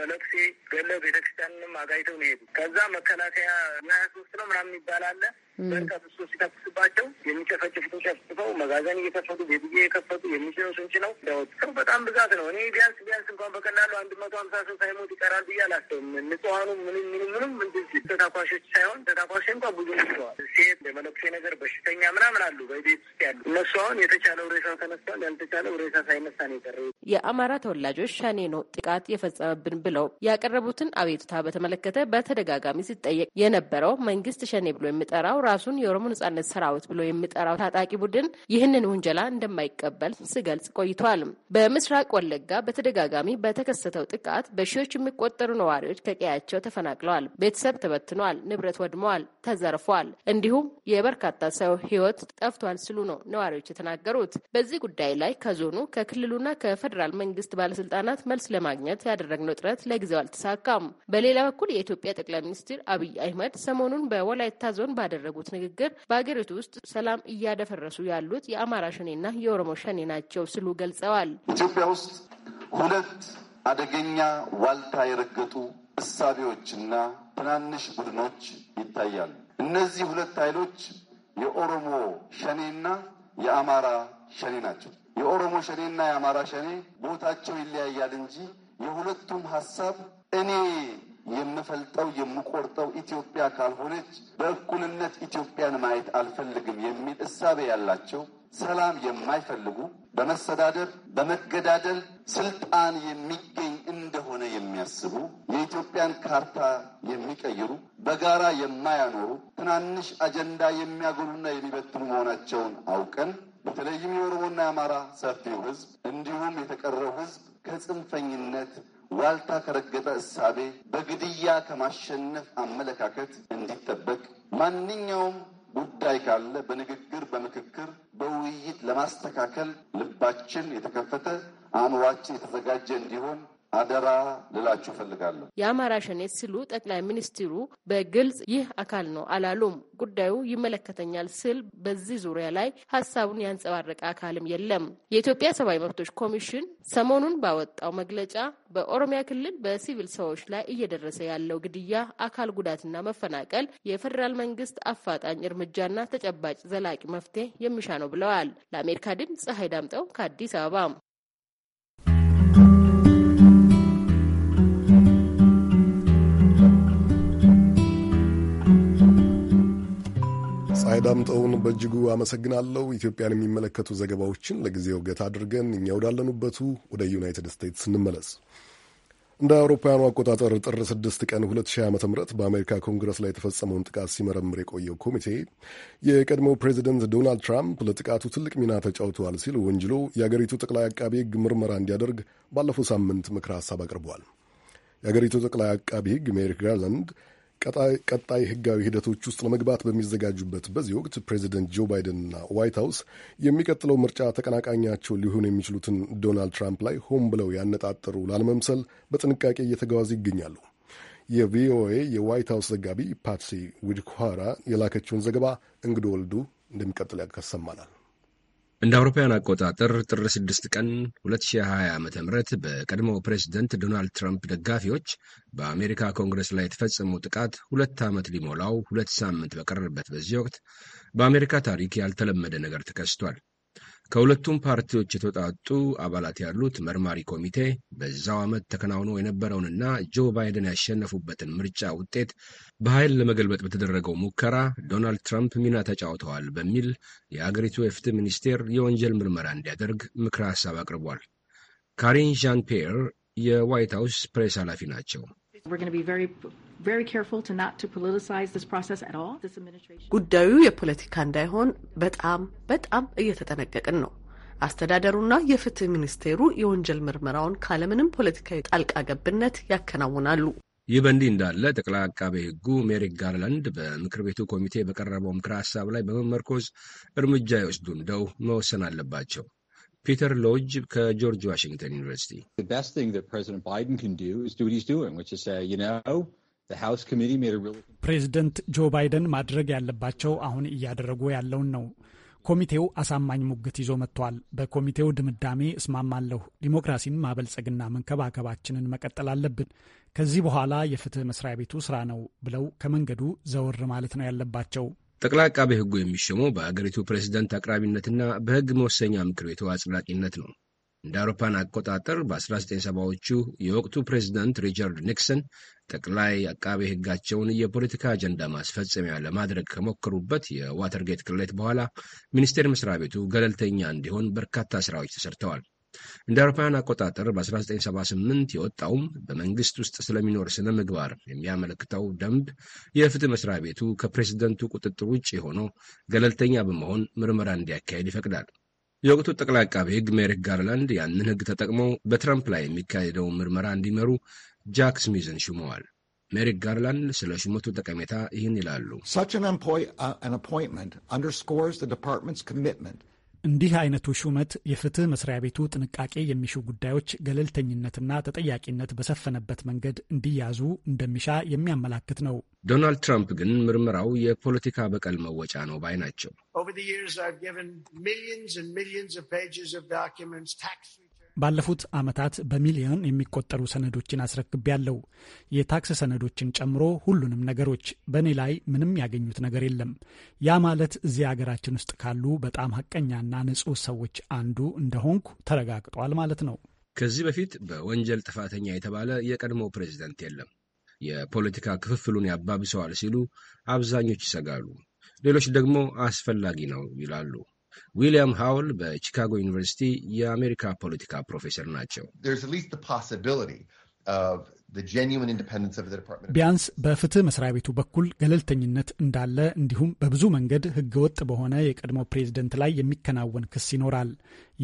መለኩሴ ገለው ቤተክርስቲያንንም አጋይተው ነው የሄዱት። ከዛ መከላከያ ሀያ ሶስት ነው ምናምን ይባላለ በርቀት እሱ ሲተኩስባቸው የሚጨፈጭፉት ጨፍጭፈው መጋዘን እየከፈቱ ቤት እየከፈቱ የሚችለው ስንች ነው ያወጡ። ሰው በጣም ብዛት ነው። እኔ ቢያንስ ቢያንስ እንኳን በቀላሉ አንድ መቶ ሀምሳ ሰው ሳይሞት ይቀራል ብዬ አላስተውም። ንጽዋኑ ምንም ምንም ምንም እንትን ተታኳሾች ሳይሆን ተታኳሽ እንኳ ብዙ ንስተዋል። ሴት የመለኩሴ ነገር በሽተኛ ምናምን አሉ በቤት ውስጥ ያሉ እነሱ አሁን የተቻለው ሬሳ ተነስቷል፣ ያልተቻለው ሬሳ ሳይነሳ ነው የቀረ። የአማራ ተወላጆች ሸኔ ነው ጥቃት የፈጸመብን ብለው ያቀረቡትን አቤቱታ በተመለከተ በተደጋጋሚ ሲጠየቅ የነበረው መንግስት ሸኔ ብሎ የሚጠራው ራሱን የኦሮሞ ነጻነት ሰራዊት ብሎ የሚጠራው ታጣቂ ቡድን ይህንን ውንጀላ እንደማይቀበል ሲገልጽ ቆይቷል። በምስራቅ ወለጋ በተደጋጋሚ በተከሰተው ጥቃት በሺዎች የሚቆጠሩ ነዋሪዎች ከቀያቸው ተፈናቅለዋል። ቤተሰብ ተበትኗል፣ ንብረት ወድመዋል፣ ተዘርፏል፣ እንዲሁም የበርካታ ሰው ህይወት ጠፍቷል ሲሉ ነው ነዋሪዎች የተናገሩት። በዚህ ጉዳይ ላይ ከዞኑ ከክልሉና ከፌዴራል መንግስት ባለስልጣናት መልስ ለማግኘት ያደረግነው ጥረት ለጊዜው አልተሳካም። በሌላ በኩል የኢትዮጵያ ጠቅላይ ሚኒስትር አብይ አህመድ ሰሞኑን በወላይታ ዞን ባደረጉ ባደረጉት ንግግር በሀገሪቱ ውስጥ ሰላም እያደፈረሱ ያሉት የአማራ ሸኔና የኦሮሞ ሸኔ ናቸው ስሉ ገልጸዋል። ኢትዮጵያ ውስጥ ሁለት አደገኛ ዋልታ የረገጡ እሳቤዎችና ትናንሽ ቡድኖች ይታያሉ። እነዚህ ሁለት ኃይሎች የኦሮሞ ሸኔና የአማራ ሸኔ ናቸው። የኦሮሞ ሸኔና የአማራ ሸኔ ቦታቸው ይለያያል እንጂ የሁለቱም ሀሳብ እኔ የምፈልጠው የምቆርጠው ኢትዮጵያ ካልሆነች በእኩልነት ኢትዮጵያን ማየት አልፈልግም የሚል እሳቤ ያላቸው ሰላም የማይፈልጉ በመሰዳደር በመገዳደል ስልጣን የሚገኝ እንደሆነ የሚያስቡ የኢትዮጵያን ካርታ የሚቀይሩ በጋራ የማያኖሩ ትናንሽ አጀንዳ የሚያጎሉና የሚበትኑ መሆናቸውን አውቀን በተለይም የኦሮሞና የአማራ ሰፊው ሕዝብ እንዲሁም የተቀረው ሕዝብ ከጽንፈኝነት ዋልታ ከረገጠ እሳቤ፣ በግድያ ከማሸነፍ አመለካከት እንዲጠበቅ ማንኛውም ጉዳይ ካለ በንግግር በምክክር በውይይት ለማስተካከል ልባችን የተከፈተ አእምሯችን የተዘጋጀ እንዲሆን አደራ ልላችሁ ፈልጋለሁ። የአማራ ሸኔ ሲሉ ጠቅላይ ሚኒስትሩ በግልጽ ይህ አካል ነው አላሉም። ጉዳዩ ይመለከተኛል ስል በዚህ ዙሪያ ላይ ሀሳቡን ያንጸባረቀ አካልም የለም። የኢትዮጵያ ሰብአዊ መብቶች ኮሚሽን ሰሞኑን ባወጣው መግለጫ በኦሮሚያ ክልል በሲቪል ሰዎች ላይ እየደረሰ ያለው ግድያ፣ አካል ጉዳትና መፈናቀል የፌዴራል መንግስት አፋጣኝ እርምጃና ተጨባጭ ዘላቂ መፍትሄ የሚሻ ነው ብለዋል። ለአሜሪካ ድምፅ ፀሐይ ዳምጠው ከአዲስ አበባ ፀሐይ ዳምጠውን በእጅጉ አመሰግናለሁ። ኢትዮጵያን የሚመለከቱ ዘገባዎችን ለጊዜው ገታ አድርገን እኛ ወዳለንበቱ ወደ ዩናይትድ ስቴትስ እንመለስ። እንደ አውሮፓውያኑ አቆጣጠር ጥር 6 ቀን 2020 ዓ ም በአሜሪካ ኮንግረስ ላይ የተፈጸመውን ጥቃት ሲመረምር የቆየው ኮሚቴ የቀድሞው ፕሬዚደንት ዶናልድ ትራምፕ ለጥቃቱ ትልቅ ሚና ተጫውተዋል ሲል ወንጅሎ የአገሪቱ ጠቅላይ አቃቤ ሕግ ምርመራ እንዲያደርግ ባለፈው ሳምንት ምክረ ሀሳብ አቅርቧል። የአገሪቱ ጠቅላይ አቃቢ ሕግ ሜሪክ ጋርላንድ ቀጣይ ህጋዊ ሂደቶች ውስጥ ለመግባት በሚዘጋጁበት በዚህ ወቅት ፕሬዚደንት ጆ ባይደንና ዋይት ሀውስ የሚቀጥለው ምርጫ ተቀናቃኛቸው ሊሆኑ የሚችሉትን ዶናልድ ትራምፕ ላይ ሆን ብለው ያነጣጠሩ ላለመምሰል በጥንቃቄ እየተጓዙ ይገኛሉ። የቪኦኤ የዋይት ሀውስ ዘጋቢ ፓትሲ ዊድኳራ የላከችውን ዘገባ እንግዶ ወልዱ እንደሚቀጥል ያሰማናል። እንደ አውሮፓውያን አቆጣጠር ጥር 6 ቀን 2020 ዓ ም በቀድሞው ፕሬዚደንት ዶናልድ ትራምፕ ደጋፊዎች በአሜሪካ ኮንግረስ ላይ የተፈጸመው ጥቃት ሁለት ዓመት ሊሞላው ሁለት ሳምንት በቀረበት በዚህ ወቅት በአሜሪካ ታሪክ ያልተለመደ ነገር ተከስቷል። ከሁለቱም ፓርቲዎች የተውጣጡ አባላት ያሉት መርማሪ ኮሚቴ በዛው ዓመት ተከናውኖ የነበረውንና ጆ ባይደን ያሸነፉበትን ምርጫ ውጤት በኃይል ለመገልበጥ በተደረገው ሙከራ ዶናልድ ትራምፕ ሚና ተጫውተዋል በሚል የአገሪቱ የፍትህ ሚኒስቴር የወንጀል ምርመራ እንዲያደርግ ምክረ ሐሳብ አቅርቧል። ካሪን ዣን ፒየር የዋይት ሃውስ ፕሬስ ኃላፊ ናቸው። ጉዳዩ የፖለቲካ እንዳይሆን በጣም በጣም እየተጠነቀቅን ነው። አስተዳደሩና የፍትህ ሚኒስቴሩ የወንጀል ምርመራውን ካለምንም ፖለቲካዊ ጣልቃ ገብነት ያከናውናሉ። ይህ በእንዲህ እንዳለ ጠቅላይ አቃቤ ሕጉ ሜሪክ ጋርላንድ በምክር ቤቱ ኮሚቴ በቀረበው ምክረ ሀሳብ ላይ በመመርኮዝ እርምጃ ይወስዱ እንደው መወሰን አለባቸው። ፒተር ሎጅ ከጆርጅ ዋሽንግተን ዩኒቨርሲቲ ፕሬዚደንት ጆ ባይደን ማድረግ ያለባቸው አሁን እያደረጉ ያለውን ነው። ኮሚቴው አሳማኝ ሙግት ይዞ መጥቷል። በኮሚቴው ድምዳሜ እስማማለሁ። ዲሞክራሲን ማበልጸግና መንከባከባችንን መቀጠል አለብን። ከዚህ በኋላ የፍትህ መስሪያ ቤቱ ስራ ነው ብለው ከመንገዱ ዘወር ማለት ነው ያለባቸው። ጠቅላይ አቃቤ ሕጉ የሚሾመው በአገሪቱ ፕሬዚደንት አቅራቢነትና በሕግ መወሰኛ ምክር ቤቱ አጽላቂነት ነው። እንደ አውሮፓን አቆጣጠር በ1970ዎቹ የወቅቱ ፕሬዚዳንት ሪቻርድ ኒክሰን ጠቅላይ አቃቤ ሕጋቸውን የፖለቲካ አጀንዳ ማስፈጸሚያ ለማድረግ ከሞከሩበት የዋተርጌት ቅሌት በኋላ ሚኒስቴር መስሪያ ቤቱ ገለልተኛ እንዲሆን በርካታ ስራዎች ተሰርተዋል። እንደ አውሮፓውያን አቆጣጠር በ1978 የወጣውም በመንግስት ውስጥ ስለሚኖር ስነ ምግባር የሚያመለክተው ደንብ የፍትህ መስሪያ ቤቱ ከፕሬዝደንቱ ቁጥጥር ውጭ ሆኖ ገለልተኛ በመሆን ምርመራ እንዲያካሄድ ይፈቅዳል። የወቅቱ ጠቅላይ አቃቢ ሕግ ሜሪክ ጋርላንድ ያንን ሕግ ተጠቅመው በትራምፕ ላይ የሚካሄደውን ምርመራ እንዲመሩ ጃክ ስሚዝን ሹመዋል። ሜሪክ ጋርላንድ ስለ ሹመቱ ጠቀሜታ ይህን ይላሉ። እንዲህ አይነቱ ሹመት የፍትህ መስሪያ ቤቱ ጥንቃቄ የሚሹ ጉዳዮች ገለልተኝነትና ተጠያቂነት በሰፈነበት መንገድ እንዲያዙ እንደሚሻ የሚያመላክት ነው። ዶናልድ ትራምፕ ግን ምርመራው የፖለቲካ በቀል መወጫ ነው ባይ ናቸው። ባለፉት ዓመታት በሚሊዮን የሚቆጠሩ ሰነዶችን ያለው የታክስ ሰነዶችን ጨምሮ ሁሉንም ነገሮች። በእኔ ላይ ምንም ያገኙት ነገር የለም። ያ ማለት እዚህ አገራችን ውስጥ ካሉ በጣም ሀቀኛና ንጹህ ሰዎች አንዱ እንደሆንኩ ተረጋግጧል ማለት ነው። ከዚህ በፊት በወንጀል ጥፋተኛ የተባለ የቀድሞ ፕሬዚደንት የለም። የፖለቲካ ክፍፍሉን ያባብሰዋል ሲሉ አብዛኞች ይሰጋሉ። ሌሎች ደግሞ አስፈላጊ ነው ይላሉ። ዊልያም ሃውል በቺካጎ ዩኒቨርሲቲ የአሜሪካ ፖለቲካ ፕሮፌሰር ናቸው። ቢያንስ በፍትህ መስሪያ ቤቱ በኩል ገለልተኝነት እንዳለ እንዲሁም በብዙ መንገድ ህገወጥ በሆነ የቀድሞ ፕሬዝደንት ላይ የሚከናወን ክስ ይኖራል።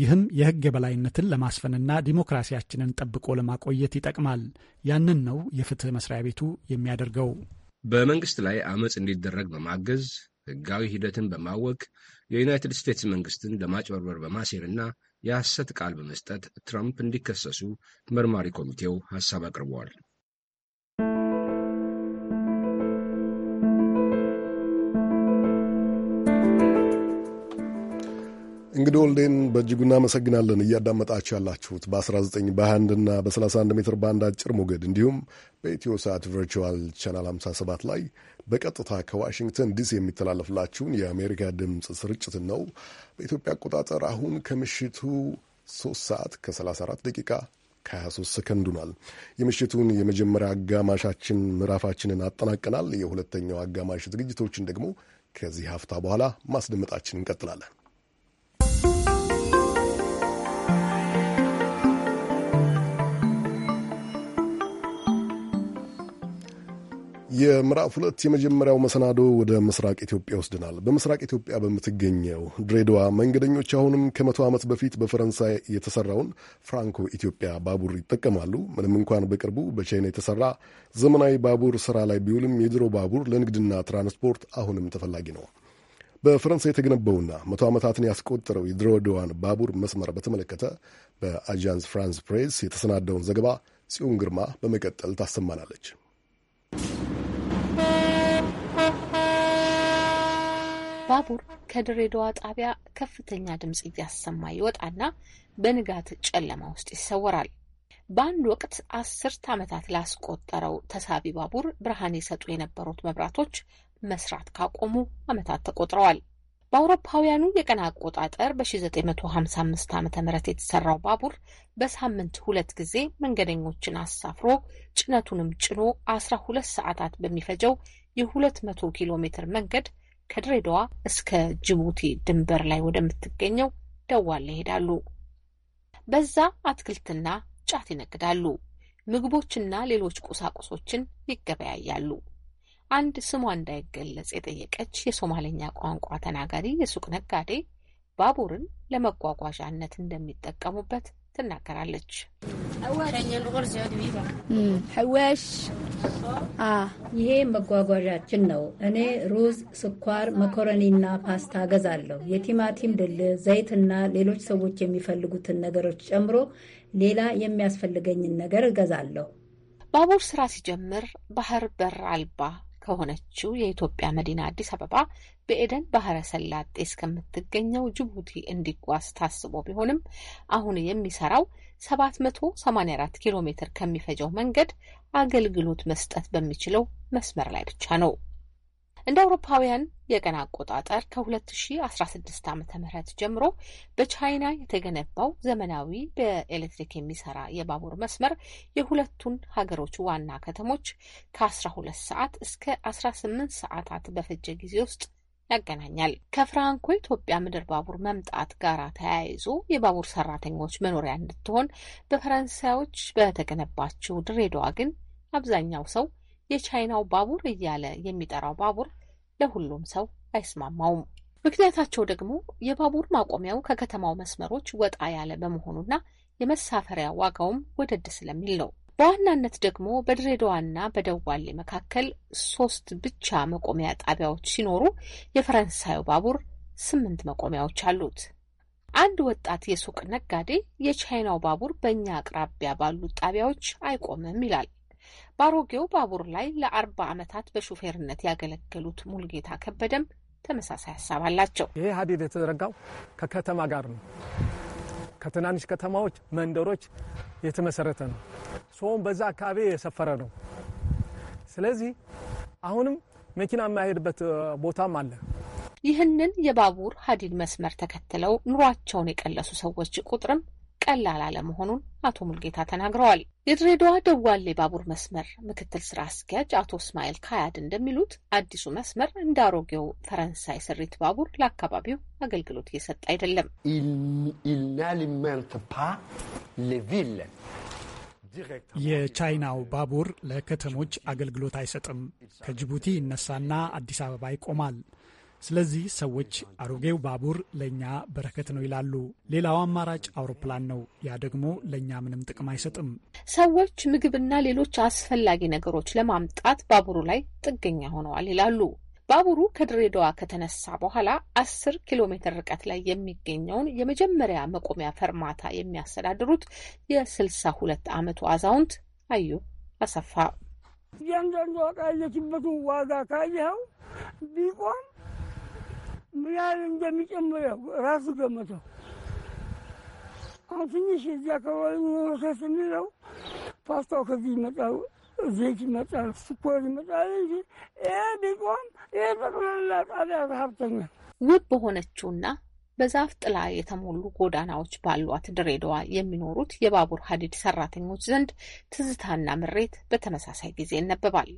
ይህም የህግ የበላይነትን ለማስፈንና ዲሞክራሲያችንን ጠብቆ ለማቆየት ይጠቅማል። ያንን ነው የፍትህ መስሪያ ቤቱ የሚያደርገው። በመንግስት ላይ አመፅ እንዲደረግ በማገዝ ህጋዊ ሂደትን በማወቅ ። የዩናይትድ ስቴትስ መንግስትን ለማጭበርበር በማሴርና የሐሰት ቃል በመስጠት ትራምፕ እንዲከሰሱ መርማሪ ኮሚቴው ሐሳብ አቅርበዋል። እንግዲህ ወልዴን በእጅጉ እናመሰግናለን። እያዳመጣችሁ ያላችሁት በ19 በ21 እና በ31 ሜትር ባንድ አጭር ሞገድ እንዲሁም በኢትዮ ሰዓት ቨርቹዋል ቻናል 57 ላይ በቀጥታ ከዋሽንግተን ዲሲ የሚተላለፍላችሁን የአሜሪካ ድምፅ ስርጭትን ነው። በኢትዮጵያ አቆጣጠር አሁን ከምሽቱ 3 ሰዓት ከ34 ደቂቃ ከ23 ሰከንድ ሆኗል። የምሽቱን የመጀመሪያ አጋማሻችን ምዕራፋችንን አጠናቀናል። የሁለተኛው አጋማሽ ዝግጅቶችን ደግሞ ከዚህ ሀፍታ በኋላ ማስደመጣችን እንቀጥላለን። የምዕራፍ ሁለት የመጀመሪያው መሰናዶ ወደ ምስራቅ ኢትዮጵያ ይወስድናል በምስራቅ ኢትዮጵያ በምትገኘው ድሬዳዋ መንገደኞች አሁንም ከመቶ ዓመት በፊት በፈረንሳይ የተሰራውን ፍራንኮ ኢትዮጵያ ባቡር ይጠቀማሉ። ምንም እንኳን በቅርቡ በቻይና የተሰራ ዘመናዊ ባቡር ስራ ላይ ቢውልም የድሮ ባቡር ለንግድና ትራንስፖርት አሁንም ተፈላጊ ነው። በፈረንሳይ የተገነባውና መቶ ዓመታትን ያስቆጠረው የድሬዳዋን ባቡር መስመር በተመለከተ በአጃንስ ፍራንስ ፕሬስ የተሰናዳውን ዘገባ ጽዮን ግርማ በመቀጠል ታሰማናለች። ባቡር ከድሬዳዋ ጣቢያ ከፍተኛ ድምፅ እያሰማ ይወጣና በንጋት ጨለማ ውስጥ ይሰወራል። በአንድ ወቅት አስርት ዓመታት ላስቆጠረው ተሳቢ ባቡር ብርሃን የሰጡ የነበሩት መብራቶች መስራት ካቆሙ ዓመታት ተቆጥረዋል። በአውሮፓውያኑ የቀን አቆጣጠር በ1955 ዓ ም የተሰራው ባቡር በሳምንት ሁለት ጊዜ መንገደኞችን አሳፍሮ ጭነቱንም ጭኖ 12 ሰዓታት በሚፈጀው የ200 ኪሎ ሜትር መንገድ ከድሬዳዋ እስከ ጅቡቲ ድንበር ላይ ወደምትገኘው ደዋል ይሄዳሉ። በዛ አትክልትና ጫት ይነግዳሉ። ምግቦችና ሌሎች ቁሳቁሶችን ይገበያያሉ። አንድ ስሟ እንዳይገለጽ የጠየቀች የሶማሌኛ ቋንቋ ተናጋሪ የሱቅ ነጋዴ ባቡርን ለመጓጓዣነት እንደሚጠቀሙበት ትናገራለች። ሐዋሽ ይሄ መጓጓዣችን ነው። እኔ ሩዝ፣ ስኳር፣ መኮረኒና ፓስታ ገዛለሁ። የቲማቲም ድል፣ ዘይትና ሌሎች ሰዎች የሚፈልጉትን ነገሮች ጨምሮ ሌላ የሚያስፈልገኝን ነገር እገዛለሁ። ባቡር ስራ ሲጀምር ባህር በር አልባ ከሆነችው የኢትዮጵያ መዲና አዲስ አበባ በኤደን ባህረ ሰላጤ እስከምትገኘው ጅቡቲ እንዲጓዝ ታስቦ ቢሆንም አሁን የሚሰራው 784 ኪሎ ሜትር ከሚፈጀው መንገድ አገልግሎት መስጠት በሚችለው መስመር ላይ ብቻ ነው። እንደ አውሮፓውያን የቀን አቆጣጠር ከ2016 ዓ ም ጀምሮ በቻይና የተገነባው ዘመናዊ በኤሌክትሪክ የሚሰራ የባቡር መስመር የሁለቱን ሀገሮች ዋና ከተሞች ከ12 ሰዓት እስከ 18 ሰዓታት በፈጀ ጊዜ ውስጥ ያገናኛል። ከፍራንኮ ኢትዮጵያ ምድር ባቡር መምጣት ጋር ተያይዞ የባቡር ሰራተኞች መኖሪያ እንድትሆን በፈረንሳዮች በተገነባችው ድሬዳዋ ግን አብዛኛው ሰው የቻይናው ባቡር እያለ የሚጠራው ባቡር ለሁሉም ሰው አይስማማውም። ምክንያታቸው ደግሞ የባቡር ማቆሚያው ከከተማው መስመሮች ወጣ ያለ በመሆኑና የመሳፈሪያ ዋጋውም ወደድ ስለሚል ነው። በዋናነት ደግሞ በድሬዳዋና በደዋሌ መካከል ሶስት ብቻ መቆሚያ ጣቢያዎች ሲኖሩ የፈረንሳዩ ባቡር ስምንት መቆሚያዎች አሉት። አንድ ወጣት የሱቅ ነጋዴ የቻይናው ባቡር በእኛ አቅራቢያ ባሉት ጣቢያዎች አይቆምም ይላል። በአሮጌው ባቡር ላይ ለአርባ ዓመታት በሹፌርነት ያገለገሉት ሙልጌታ ከበደም ተመሳሳይ ሀሳብ አላቸው። ይሄ ሀዲድ የተዘረጋው ከከተማ ጋር ነው። ከትናንሽ ከተማዎች፣ መንደሮች የተመሰረተ ነው። ሰውም በዛ አካባቢ የሰፈረ ነው። ስለዚህ አሁንም መኪና የማይሄድበት ቦታም አለ። ይህንን የባቡር ሀዲድ መስመር ተከትለው ኑሯቸውን የቀለሱ ሰዎች ቁጥርም ቀላል አለመሆኑን አቶ ሙልጌታ ተናግረዋል። የድሬዳዋ ደዋሌ ባቡር መስመር ምክትል ስራ አስኪያጅ አቶ እስማኤል ካያድ እንደሚሉት አዲሱ መስመር እንደ አሮጌው ፈረንሳይ ስሪት ባቡር ለአካባቢው አገልግሎት እየሰጠ አይደለም። የቻይናው ባቡር ለከተሞች አገልግሎት አይሰጥም። ከጅቡቲ ይነሳና አዲስ አበባ ይቆማል። ስለዚህ ሰዎች አሮጌው ባቡር ለእኛ በረከት ነው ይላሉ። ሌላው አማራጭ አውሮፕላን ነው። ያ ደግሞ ለእኛ ምንም ጥቅም አይሰጥም። ሰዎች ምግብና ሌሎች አስፈላጊ ነገሮች ለማምጣት ባቡሩ ላይ ጥገኛ ሆነዋል ይላሉ። ባቡሩ ከድሬዳዋ ከተነሳ በኋላ አስር ኪሎ ሜትር ርቀት ላይ የሚገኘውን የመጀመሪያ መቆሚያ ፈርማታ የሚያስተዳድሩት የስልሳ ሁለት አመቱ አዛውንት አዩ አሰፋ እያንዳንዱ አቃየችበትን ዋጋ ካየኸው ቢቆም ምን ያህል እንደሚጨምር ራሱ ገመተው። አሁን ትንሽ እዚህ አካባቢ ኖሰ ስንለው ፓስታው ከዚህ ይመጣል፣ ዘይት ይመጣል፣ ስኳር ይመጣል እንጂ ይሄ ቢቆም ይሄ ጠቅላላ ጣቢያ ረሀብተኛ ውብ በሆነችውና በዛፍ ጥላ የተሞሉ ጎዳናዎች ባሏት ድሬዳዋ የሚኖሩት የባቡር ሀዲድ ሰራተኞች ዘንድ ትዝታና ምሬት በተመሳሳይ ጊዜ ይነበባል።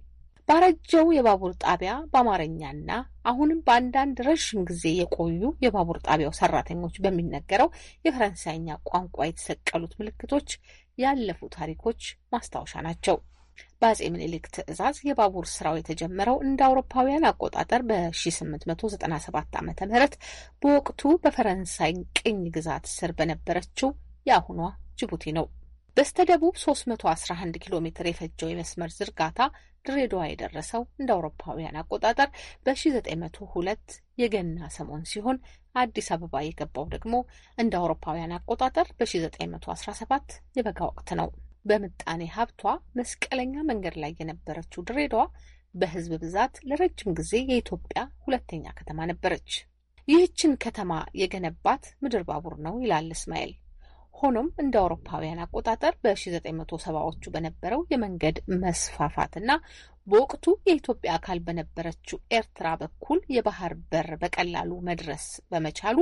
ባረጀው የባቡር ጣቢያ በአማርኛና አሁንም በአንዳንድ ረዥም ጊዜ የቆዩ የባቡር ጣቢያው ሰራተኞች በሚነገረው የፈረንሳይኛ ቋንቋ የተሰቀሉት ምልክቶች ያለፉ ታሪኮች ማስታወሻ ናቸው። በአጼ ምኒልክ ትዕዛዝ የባቡር ስራው የተጀመረው እንደ አውሮፓውያን አቆጣጠር በ1897 ዓ ም በወቅቱ በፈረንሳይ ቅኝ ግዛት ስር በነበረችው የአሁኗ ጅቡቲ ነው። በስተደቡብ 311 ኪሎ ሜትር የፈጀው የመስመር ዝርጋታ ድሬዳዋ የደረሰው እንደ አውሮፓውያን አቆጣጠር በ1902 የገና ሰሞን ሲሆን አዲስ አበባ የገባው ደግሞ እንደ አውሮፓውያን አቆጣጠር በ1917 የበጋ ወቅት ነው። በምጣኔ ሀብቷ መስቀለኛ መንገድ ላይ የነበረችው ድሬዳዋ በህዝብ ብዛት ለረጅም ጊዜ የኢትዮጵያ ሁለተኛ ከተማ ነበረች። ይህችን ከተማ የገነባት ምድር ባቡር ነው ይላል እስማኤል። ሆኖም እንደ አውሮፓውያን አቆጣጠር በ1970ዎቹ በነበረው የመንገድ መስፋፋትና በወቅቱ የኢትዮጵያ አካል በነበረችው ኤርትራ በኩል የባህር በር በቀላሉ መድረስ በመቻሉ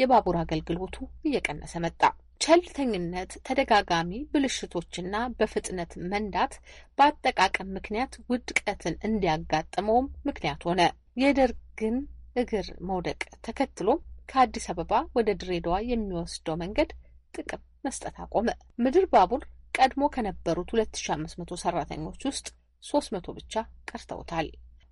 የባቡር አገልግሎቱ እየቀነሰ መጣ። ቸልተኝነት፣ ተደጋጋሚ ብልሽቶችና በፍጥነት መንዳት በአጠቃቀም ምክንያት ውድቀትን እንዲያጋጥመውም ምክንያት ሆነ። የደርግን እግር መውደቅ ተከትሎም ከአዲስ አበባ ወደ ድሬዳዋ የሚወስደው መንገድ ጥቅም መስጠት አቆመ። ምድር ባቡር ቀድሞ ከነበሩት 2500 ሰራተኞች ውስጥ 300 ብቻ ቀርተውታል።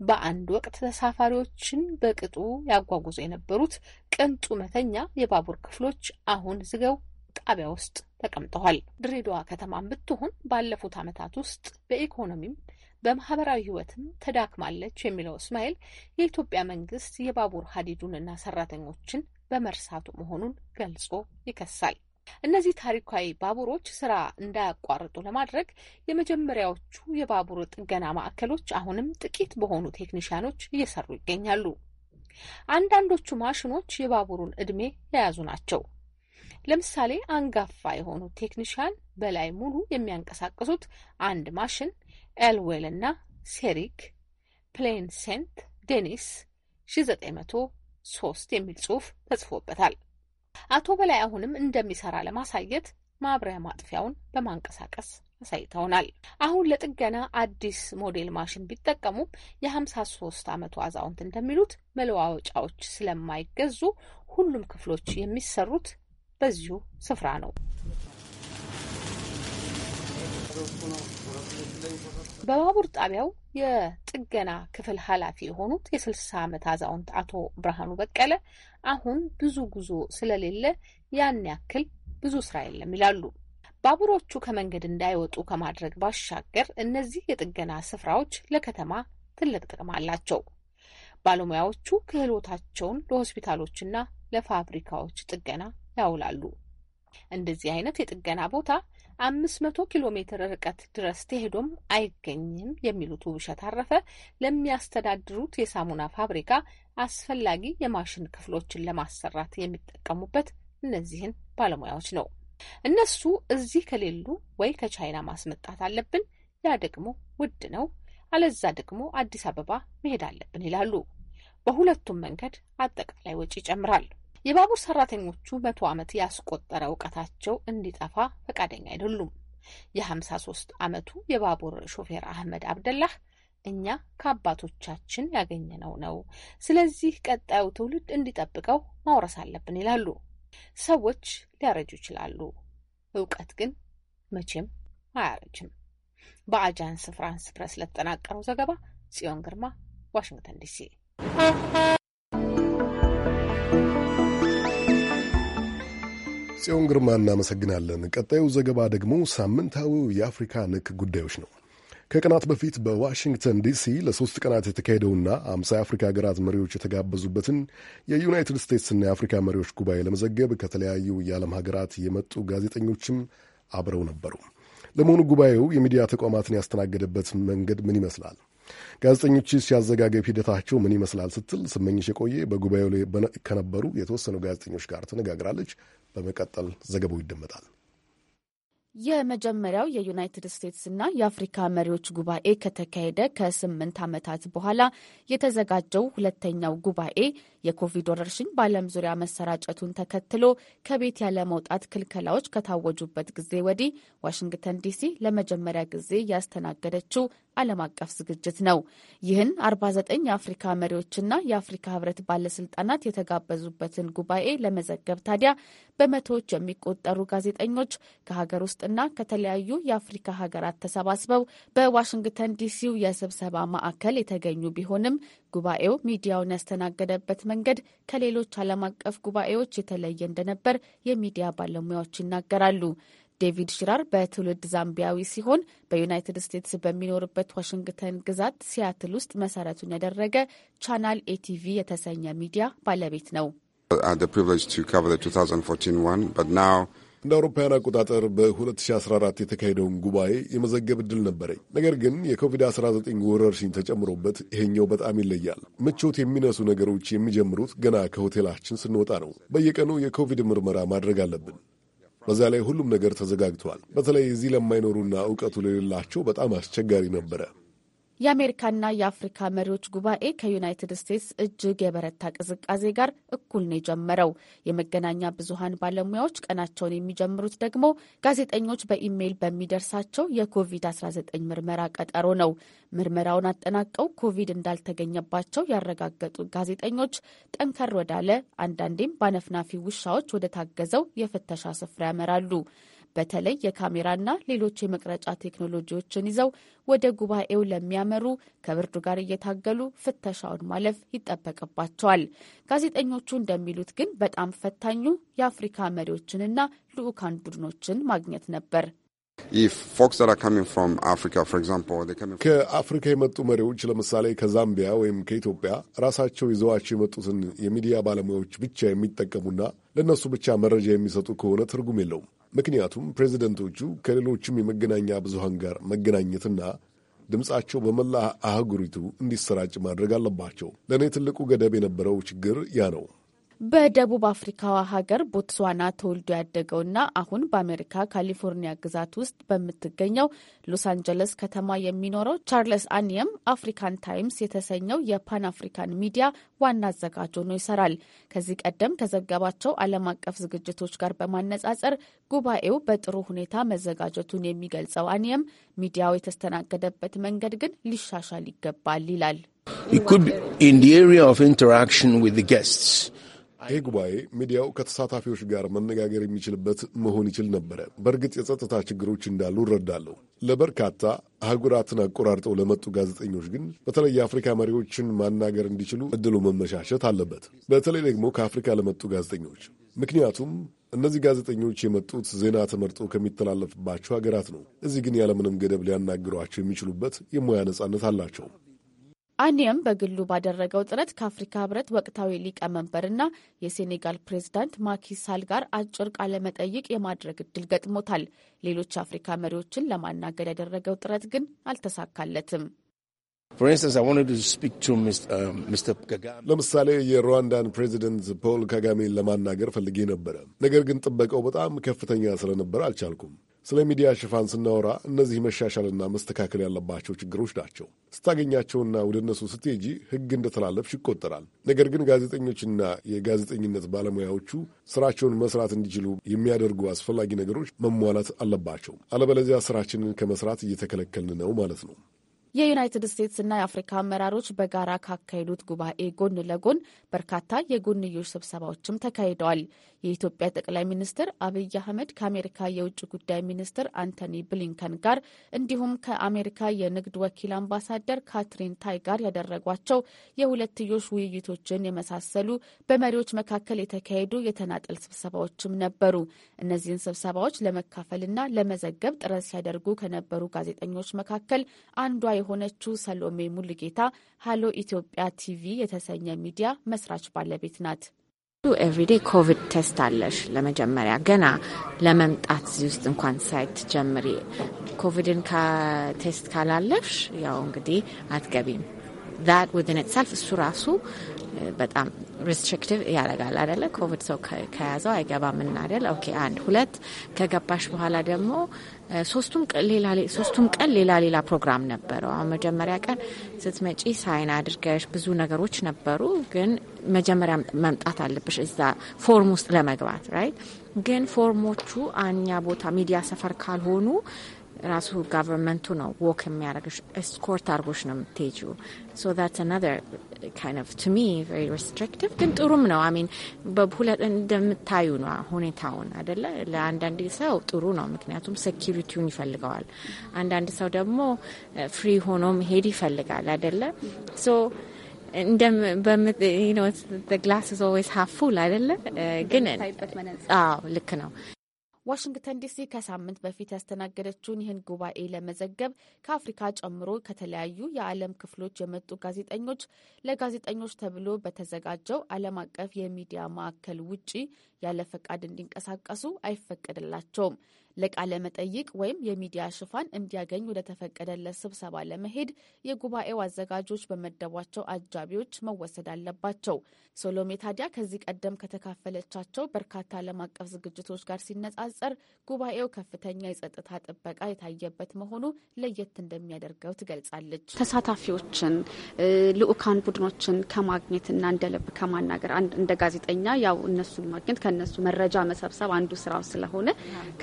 በአንድ ወቅት ተሳፋሪዎችን በቅጡ ያጓጉዙ የነበሩት ቅንጡ መተኛ የባቡር ክፍሎች አሁን ዝገው ጣቢያ ውስጥ ተቀምጠዋል። ድሬዳዋ ከተማም ብትሆን ባለፉት ዓመታት ውስጥ በኢኮኖሚም በማህበራዊ ሕይወትም ተዳክማለች የሚለው እስማኤል የኢትዮጵያ መንግስት የባቡር ሀዲዱንና ሰራተኞችን በመርሳቱ መሆኑን ገልጾ ይከሳል። እነዚህ ታሪካዊ ባቡሮች ስራ እንዳያቋርጡ ለማድረግ የመጀመሪያዎቹ የባቡር ጥገና ማዕከሎች አሁንም ጥቂት በሆኑ ቴክኒሽያኖች እየሰሩ ይገኛሉ። አንዳንዶቹ ማሽኖች የባቡሩን ዕድሜ የያዙ ናቸው። ለምሳሌ አንጋፋ የሆኑ ቴክኒሽያን በላይ ሙሉ የሚያንቀሳቅሱት አንድ ማሽን ኤልዌል እና ሴሪክ ፕሌን ሴንት ዴኒስ 1903 የሚል ጽሑፍ ተጽፎበታል። አቶ በላይ አሁንም እንደሚሰራ ለማሳየት ማብሪያ ማጥፊያውን በማንቀሳቀስ አሳይተውናል። አሁን ለጥገና አዲስ ሞዴል ማሽን ቢጠቀሙም የሀምሳ ሶስት አመቱ አዛውንት እንደሚሉት መለዋወጫዎች ስለማይገዙ ሁሉም ክፍሎች የሚሰሩት በዚሁ ስፍራ ነው። በባቡር ጣቢያው የጥገና ክፍል ኃላፊ የሆኑት የስልሳ ዓመት አዛውንት አቶ ብርሃኑ በቀለ አሁን ብዙ ጉዞ ስለሌለ ያን ያክል ብዙ ስራ የለም ይላሉ። ባቡሮቹ ከመንገድ እንዳይወጡ ከማድረግ ባሻገር እነዚህ የጥገና ስፍራዎች ለከተማ ትልቅ ጥቅም አላቸው። ባለሙያዎቹ ክህሎታቸውን ለሆስፒታሎችና ለፋብሪካዎች ጥገና ያውላሉ። እንደዚህ አይነት የጥገና ቦታ አምስት መቶ ኪሎ ሜትር ርቀት ድረስ ተሄዶም አይገኝም የሚሉት ውብሸት አረፈ ለሚያስተዳድሩት የሳሙና ፋብሪካ አስፈላጊ የማሽን ክፍሎችን ለማሰራት የሚጠቀሙበት እነዚህን ባለሙያዎች ነው። እነሱ እዚህ ከሌሉ ወይ ከቻይና ማስመጣት አለብን፣ ያ ደግሞ ውድ ነው፣ አለዛ ደግሞ አዲስ አበባ መሄድ አለብን ይላሉ። በሁለቱም መንገድ አጠቃላይ ወጪ ይጨምራል። የባቡር ሰራተኞቹ መቶ ዓመት ያስቆጠረ እውቀታቸው እንዲጠፋ ፈቃደኛ አይደሉም። የሀምሳ ሶስት ዓመቱ የባቡር ሾፌር አህመድ አብደላህ እኛ ከአባቶቻችን ያገኘነው ነው፣ ስለዚህ ቀጣዩ ትውልድ እንዲጠብቀው ማውረስ አለብን ይላሉ። ሰዎች ሊያረጁ ይችላሉ፣ እውቀት ግን መቼም አያረጅም። በአጃንስ ፍራንስ ፕረስ ለተጠናቀረው ዘገባ ጽዮን ግርማ፣ ዋሽንግተን ዲሲ ጽዮን ግርማ እናመሰግናለን። ቀጣዩ ዘገባ ደግሞ ሳምንታዊው የአፍሪካ ንክ ጉዳዮች ነው። ከቀናት በፊት በዋሽንግተን ዲሲ ለሶስት ቀናት የተካሄደውና አምሳ የአፍሪካ ሀገራት መሪዎች የተጋበዙበትን የዩናይትድ ስቴትስና የአፍሪካ መሪዎች ጉባኤ ለመዘገብ ከተለያዩ የዓለም ሀገራት የመጡ ጋዜጠኞችም አብረው ነበሩ። ለመሆኑ ጉባኤው የሚዲያ ተቋማትን ያስተናገደበት መንገድ ምን ይመስላል? ጋዜጠኞች ሲያዘጋገብ ሂደታቸው ምን ይመስላል ስትል ስመኝሽ የቆየ በጉባኤው ላይ ከነበሩ የተወሰኑ ጋዜጠኞች ጋር ትነጋግራለች። በመቀጠል ዘገባው ይደመጣል። የመጀመሪያው የዩናይትድ ስቴትስና የአፍሪካ መሪዎች ጉባኤ ከተካሄደ ከስምንት ዓመታት በኋላ የተዘጋጀው ሁለተኛው ጉባኤ የኮቪድ ወረርሽኝ በዓለም ዙሪያ መሰራጨቱን ተከትሎ ከቤት ያለ መውጣት ክልከላዎች ከታወጁበት ጊዜ ወዲህ ዋሽንግተን ዲሲ ለመጀመሪያ ጊዜ ያስተናገደችው ዓለም አቀፍ ዝግጅት ነው። ይህን 49 የአፍሪካ መሪዎችና የአፍሪካ ህብረት ባለስልጣናት የተጋበዙበትን ጉባኤ ለመዘገብ ታዲያ በመቶዎች የሚቆጠሩ ጋዜጠኞች ከሀገር ውስጥና ከተለያዩ የአፍሪካ ሀገራት ተሰባስበው በዋሽንግተን ዲሲው የስብሰባ ማዕከል የተገኙ ቢሆንም ጉባኤው ሚዲያውን ያስተናገደበት መንገድ ከሌሎች ዓለም አቀፍ ጉባኤዎች የተለየ እንደነበር የሚዲያ ባለሙያዎች ይናገራሉ። ዴቪድ ሽራር በትውልድ ዛምቢያዊ ሲሆን በዩናይትድ ስቴትስ በሚኖርበት ዋሽንግተን ግዛት ሲያትል ውስጥ መሰረቱን ያደረገ ቻናል ኤቲቪ የተሰኘ ሚዲያ ባለቤት ነው። እንደ አውሮፓውያን አቆጣጠር በ2014 የተካሄደውን ጉባኤ የመዘገብ እድል ነበረኝ። ነገር ግን የኮቪድ-19 ወረርሽኝ ተጨምሮበት ይሄኛው በጣም ይለያል። ምቾት የሚነሱ ነገሮች የሚጀምሩት ገና ከሆቴላችን ስንወጣ ነው። በየቀኑ የኮቪድ ምርመራ ማድረግ አለብን። በዛ ላይ ሁሉም ነገር ተዘጋግተዋል። በተለይ እዚህ ለማይኖሩና እውቀቱ ለሌላቸው በጣም አስቸጋሪ ነበረ። የአሜሪካና የአፍሪካ መሪዎች ጉባኤ ከዩናይትድ ስቴትስ እጅግ የበረታ ቅዝቃዜ ጋር እኩል ነው የጀመረው። የመገናኛ ብዙሃን ባለሙያዎች ቀናቸውን የሚጀምሩት ደግሞ ጋዜጠኞች በኢሜይል በሚደርሳቸው የኮቪድ-19 ምርመራ ቀጠሮ ነው። ምርመራውን አጠናቀው ኮቪድ እንዳልተገኘባቸው ያረጋገጡ ጋዜጠኞች ጠንከር ወዳለ አንዳንዴም በአነፍናፊ ውሻዎች ወደ ታገዘው የፍተሻ ስፍራ ያመራሉ። በተለይ የካሜራና ሌሎች የመቅረጫ ቴክኖሎጂዎችን ይዘው ወደ ጉባኤው ለሚያመሩ ከብርዱ ጋር እየታገሉ ፍተሻውን ማለፍ ይጠበቅባቸዋል። ጋዜጠኞቹ እንደሚሉት ግን በጣም ፈታኙ የአፍሪካ መሪዎችንና ልዑካን ቡድኖችን ማግኘት ነበር። ከአፍሪካ የመጡ መሪዎች ለምሳሌ ከዛምቢያ ወይም ከኢትዮጵያ ራሳቸው ይዘዋቸው የመጡትን የሚዲያ ባለሙያዎች ብቻ የሚጠቀሙና ለእነሱ ብቻ መረጃ የሚሰጡ ከሆነ ትርጉም የለውም። ምክንያቱም ፕሬዚደንቶቹ ከሌሎችም የመገናኛ ብዙሃን ጋር መገናኘትና ድምፃቸው በመላ አህጉሪቱ እንዲሰራጭ ማድረግ አለባቸው። ለእኔ ትልቁ ገደብ የነበረው ችግር ያ ነው። በደቡብ አፍሪካዋ ሀገር ቦትስዋና ተወልዶ ያደገውና አሁን በአሜሪካ ካሊፎርኒያ ግዛት ውስጥ በምትገኘው ሎስ አንጀለስ ከተማ የሚኖረው ቻርለስ አኒየም አፍሪካን ታይምስ የተሰኘው የፓን አፍሪካን ሚዲያ ዋና አዘጋጅ ሆኖ ይሰራል። ከዚህ ቀደም ከዘገባቸው ዓለም አቀፍ ዝግጅቶች ጋር በማነጻጸር ጉባኤው በጥሩ ሁኔታ መዘጋጀቱን የሚገልጸው አኒየም ሚዲያው የተስተናገደበት መንገድ ግን ሊሻሻል ይገባል ይላል። ይህ ጉባኤ ሚዲያው ከተሳታፊዎች ጋር መነጋገር የሚችልበት መሆን ይችል ነበረ። በእርግጥ የጸጥታ ችግሮች እንዳሉ እረዳለሁ። ለበርካታ አህጉራትን አቆራርጠው ለመጡ ጋዜጠኞች ግን በተለይ የአፍሪካ መሪዎችን ማናገር እንዲችሉ እድሉ መመቻቸት አለበት። በተለይ ደግሞ ከአፍሪካ ለመጡ ጋዜጠኞች ምክንያቱም እነዚህ ጋዜጠኞች የመጡት ዜና ተመርጦ ከሚተላለፍባቸው ሀገራት ነው። እዚህ ግን ያለምንም ገደብ ሊያናግሯቸው የሚችሉበት የሙያ ነጻነት አላቸው። አኒየም በግሉ ባደረገው ጥረት ከአፍሪካ ህብረት ወቅታዊ ሊቀመንበርና የሴኔጋል ፕሬዝዳንት ማኪሳል ጋር አጭር ቃለ መጠይቅ የማድረግ እድል ገጥሞታል። ሌሎች አፍሪካ መሪዎችን ለማናገር ያደረገው ጥረት ግን አልተሳካለትም። uh, ለምሳሌ የሩዋንዳን ፕሬዚደንት ፖል ካጋሜን ለማናገር ፈልጌ ነበረ። ነገር ግን ጥበቃው በጣም ከፍተኛ ስለነበረ አልቻልኩም። ስለ ሚዲያ ሽፋን ስናወራ እነዚህ መሻሻልና መስተካከል ያለባቸው ችግሮች ናቸው። ስታገኛቸውና ወደ እነሱ ስትሄጂ ሕግ እንደተላለፍሽ ይቆጠራል። ነገር ግን ጋዜጠኞችና የጋዜጠኝነት ባለሙያዎቹ ስራቸውን መስራት እንዲችሉ የሚያደርጉ አስፈላጊ ነገሮች መሟላት አለባቸው። አለበለዚያ ስራችንን ከመስራት እየተከለከልን ነው ማለት ነው። የዩናይትድ እና የአፍሪካ አመራሮች በጋራ ካካሄዱት ጉባኤ ጎን ለጎን በርካታ የጎንዮሽ ስብሰባዎችም ተካሂደዋል። የኢትዮጵያ ጠቅላይ ሚኒስትር አብይ አህመድ ከአሜሪካ የውጭ ጉዳይ ሚኒስትር አንቶኒ ብሊንከን ጋር እንዲሁም ከአሜሪካ የንግድ ወኪል አምባሳደር ካትሪን ታይ ጋር ያደረጓቸው የሁለትዮሽ ውይይቶችን የመሳሰሉ በመሪዎች መካከል የተካሄዱ የተናጠል ስብሰባዎችም ነበሩ። እነዚህን ስብሰባዎች ለመካፈልና ለመዘገብ ጥረት ሲያደርጉ ከነበሩ ጋዜጠኞች መካከል አንዷ የሆነችው ሰሎሜ ሙሉጌታ ሀሎ ኢትዮጵያ ቲቪ የተሰኘ ሚዲያ መስራች ባለቤት ናት። ኤቭሪዴ ኮቪድ ቴስት አለሽ። ለመጀመሪያ ገና ለመምጣት እዚህ ውስጥ እንኳን ሳይት ጀምሪ ኮቪድን ቴስት ካላለሽ ያው እንግዲህ አትገቢም። ዛት ዊዝን ኢትሰልፍ እሱ ራሱ eh, በጣም ሪስትሪክቲቭ ያደርጋል አደለ? ኮቪድ ሰው ከያዘው አይገባም እናደል። ኦኬ አንድ ሁለት ከገባሽ በኋላ ደግሞ ሶስቱም ቀን ሌላ ሌላ ፕሮግራም ነበረው። አሁን መጀመሪያ ቀን ስትመጪ ሳይን አድርገሽ ብዙ ነገሮች ነበሩ፣ ግን መጀመሪያ መምጣት አለብሽ እዛ ፎርም ውስጥ ለመግባት ራይት። ግን ፎርሞቹ አኛ ቦታ ሚዲያ ሰፈር ካልሆኑ ራሱ ጋቨርንመንቱ ነው ወክ የሚያደርግሽ ኤስኮርት አድርጎሽ ነው የምትሄጂው። ሶ ዛትስ አናዘር ካይንድ ኦፍ ቱ ሚ ቬሪ ሪስትሪክቲቭ ግን ጥሩም ነው። አይ በሁለት እንደምታዩ ነው ሁኔታውን አይደለ። ለአንዳንድ ሰው ጥሩ ነው፣ ምክንያቱም ሴኪሪቲውን ይፈልገዋል። አንዳንድ ሰው ደግሞ ፍሪ uh, ሆኖ መሄድ ይፈልጋል አይደለ። ሶ ግላስ ኢዝ ኦልዌይስ ሃፍ ፉል አይደለ። uh, ግን ልክ ነው። ዋሽንግተን ዲሲ ከሳምንት በፊት ያስተናገደችውን ይህን ጉባኤ ለመዘገብ ከአፍሪካ ጨምሮ ከተለያዩ የዓለም ክፍሎች የመጡ ጋዜጠኞች ለጋዜጠኞች ተብሎ በተዘጋጀው ዓለም አቀፍ የሚዲያ ማዕከል ውጪ ያለ ፈቃድ እንዲንቀሳቀሱ አይፈቀድላቸውም። ለቃለ መጠይቅ ወይም የሚዲያ ሽፋን እንዲያገኝ ወደ ተፈቀደለት ስብሰባ ለመሄድ የጉባኤው አዘጋጆች በመደቧቸው አጃቢዎች መወሰድ አለባቸው። ሶሎሜ ታዲያ ከዚህ ቀደም ከተካፈለቻቸው በርካታ ዓለም አቀፍ ዝግጅቶች ጋር ሲነጻጸር ጉባኤው ከፍተኛ የጸጥታ ጥበቃ የታየበት መሆኑ ለየት እንደሚያደርገው ትገልጻለች። ተሳታፊዎችን፣ ልዑካን ቡድኖችን ከማግኘትና እንደ ልብ ከማናገር እንደ ጋዜጠኛ ያው እነሱን ማግኘት ከነሱ መረጃ መሰብሰብ አንዱ ስራው ስለሆነ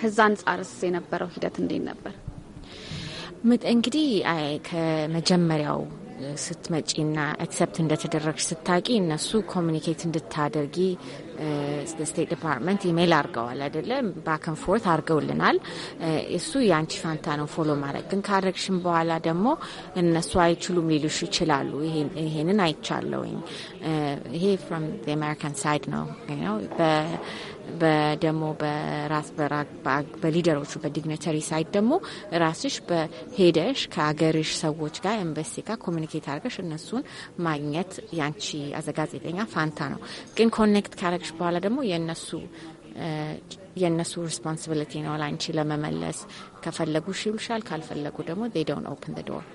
ከዛ አንጻርስ የነበረው ሂደት እንዴት ነበር? እንግዲህ ከመጀመሪያው ስትመጪና አክሰፕት እንደተደረግሽ ስታቂ እነሱ ኮሚኒኬት እንድታደርጊ ስቴት ዲፓርትመንት ኢሜይል አድርገዋል አይደለም፣ ባክን ፎርት አድርገውልናል። እሱ የአንቺ ፋንታ ነው ፎሎ ማድረግ። ግን ካደረግሽም በኋላ ደግሞ እነሱ አይችሉም ሊሉሽ ይችላሉ። ይሄንን አይቻለውኝ። ይሄ ፍሮም አሜሪካን ሳይድ ነው በደሞ በራስ በሊደሮቹ በዲግኒተሪ ሳይድ ደግሞ ራስሽ በሄደሽ ከሀገርሽ ሰዎች ጋር ኤምበሲ ጋር ኮሚኒኬት አድርገሽ እነሱን ማግኘት ያንቺ አዘጋዜጠኛ ፋንታ ነው። ግን ኮኔክት ካረግሽ በኋላ ደግሞ የእነሱ የእነሱ ሪስፖንሲቢሊቲ ነው ላንቺ ለመመለስ። ከፈለጉ ሽ ይሉሻል፣ ካልፈለጉ ደግሞ ዶን ኦፕን ዶር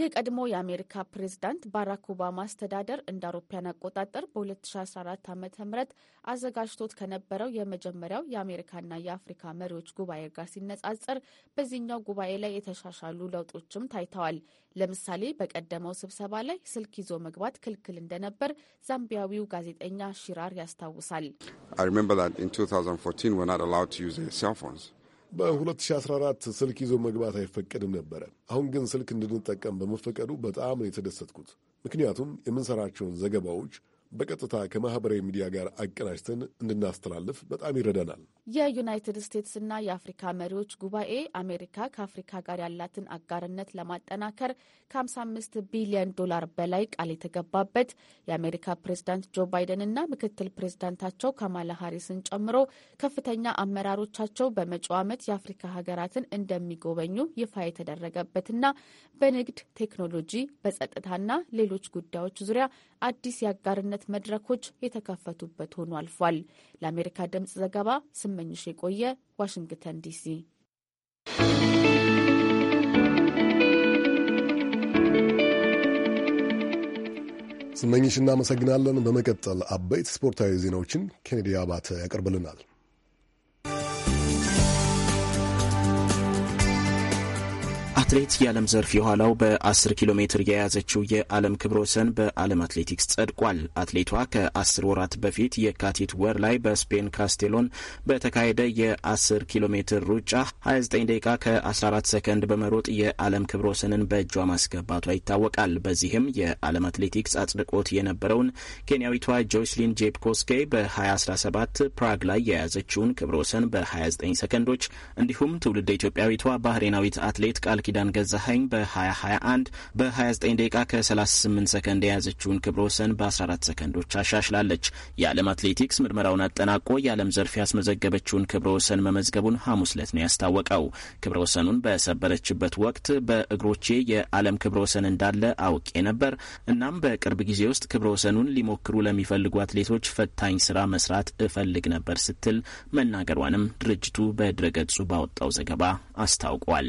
የቀድሞ የአሜሪካ ፕሬዝዳንት ባራክ ኦባማ አስተዳደር እንደ አውሮፓያን አቆጣጠር በ2014 ዓ ም አዘጋጅቶት ከነበረው የመጀመሪያው የአሜሪካና የአፍሪካ መሪዎች ጉባኤ ጋር ሲነጻጸር በዚህኛው ጉባኤ ላይ የተሻሻሉ ለውጦችም ታይተዋል። ለምሳሌ በቀደመው ስብሰባ ላይ ስልክ ይዞ መግባት ክልክል እንደነበር ዛምቢያዊው ጋዜጠኛ ሺራር ያስታውሳል። በ2014 ስልክ ይዞ መግባት አይፈቀድም ነበረ። አሁን ግን ስልክ እንድንጠቀም በመፈቀዱ በጣም ነው የተደሰትኩት። ምክንያቱም የምንሰራቸውን ዘገባዎች በቀጥታ ከማኅበራዊ ሚዲያ ጋር አቀናጅተን እንድናስተላልፍ በጣም ይረዳናል። የዩናይትድ ና የአፍሪካ መሪዎች ጉባኤ አሜሪካ ከአፍሪካ ጋር ያላትን አጋርነት ለማጠናከር ከ55 ቢሊዮን ዶላር በላይ ቃል የተገባበት የአሜሪካ ፕሬዝዳንት ጆ ባይደን እና ምክትል ፕሬዝዳንታቸው ካማላ ሀሪስን ጨምሮ ከፍተኛ አመራሮቻቸው በመጪው ዓመት የአፍሪካ ሀገራትን እንደሚጎበኙ ይፋ የተደረገበትና በንግድ ቴክኖሎጂ፣ በጸጥታና ሌሎች ጉዳዮች ዙሪያ አዲስ የአጋርነት መድረኮች የተከፈቱበት ሆኖ አልፏል። ለአሜሪካ ድምጽ ዘገባ ስመኝሽ የቆየ ዋሽንግተን ዲሲ። ስመኝሽ እናመሰግናለን። በመቀጠል አበይት ስፖርታዊ ዜናዎችን ኬኔዲ አባተ ያቀርብልናል። አትሌት የዓለም ዘርፍ የኋላው በ10 ኪሎ ሜትር የያዘችው የዓለም ክብረ ወሰን በዓለም አትሌቲክስ ጸድቋል። አትሌቷ ከ10 ወራት በፊት የካቲት ወር ላይ በስፔን ካስቴሎን በተካሄደ የ10 ኪሎ ሜትር ሩጫ 29 ደቂቃ ከ14 ሰከንድ በመሮጥ የዓለም ክብረ ወሰንን በእጇ ማስገባቷ ይታወቃል። በዚህም የዓለም አትሌቲክስ አጽድቆት የነበረውን ኬንያዊቷ ጆይስሊን ጄፕኮስኬ በ2017 ፕራግ ላይ የያዘችውን ክብረ ወሰን በ29 ሰከንዶች እንዲሁም ትውልድ ኢትዮጵያዊቷ ባህሬናዊት አትሌት ቃል ኪዳን ገዛኸኝ በ2021 በ29 ደቂቃ ከ38 ሰከንድ የያዘችውን ክብረ ወሰን በ14 ሰከንዶች አሻሽላለች። የዓለም አትሌቲክስ ምርመራውን አጠናቆ የዓለም ዘርፍ ያስመዘገበችውን ክብረ ወሰን መመዝገቡን ሐሙስ ዕለት ነው ያስታወቀው። ክብረ ወሰኑን በሰበረችበት ወቅት በእግሮቼ የዓለም ክብረ ወሰን እንዳለ አውቄ ነበር። እናም በቅርብ ጊዜ ውስጥ ክብረ ወሰኑን ሊሞክሩ ለሚፈልጉ አትሌቶች ፈታኝ ስራ መስራት እፈልግ ነበር ስትል መናገሯንም ድርጅቱ በድረገጹ ባወጣው ዘገባ አስታውቋል።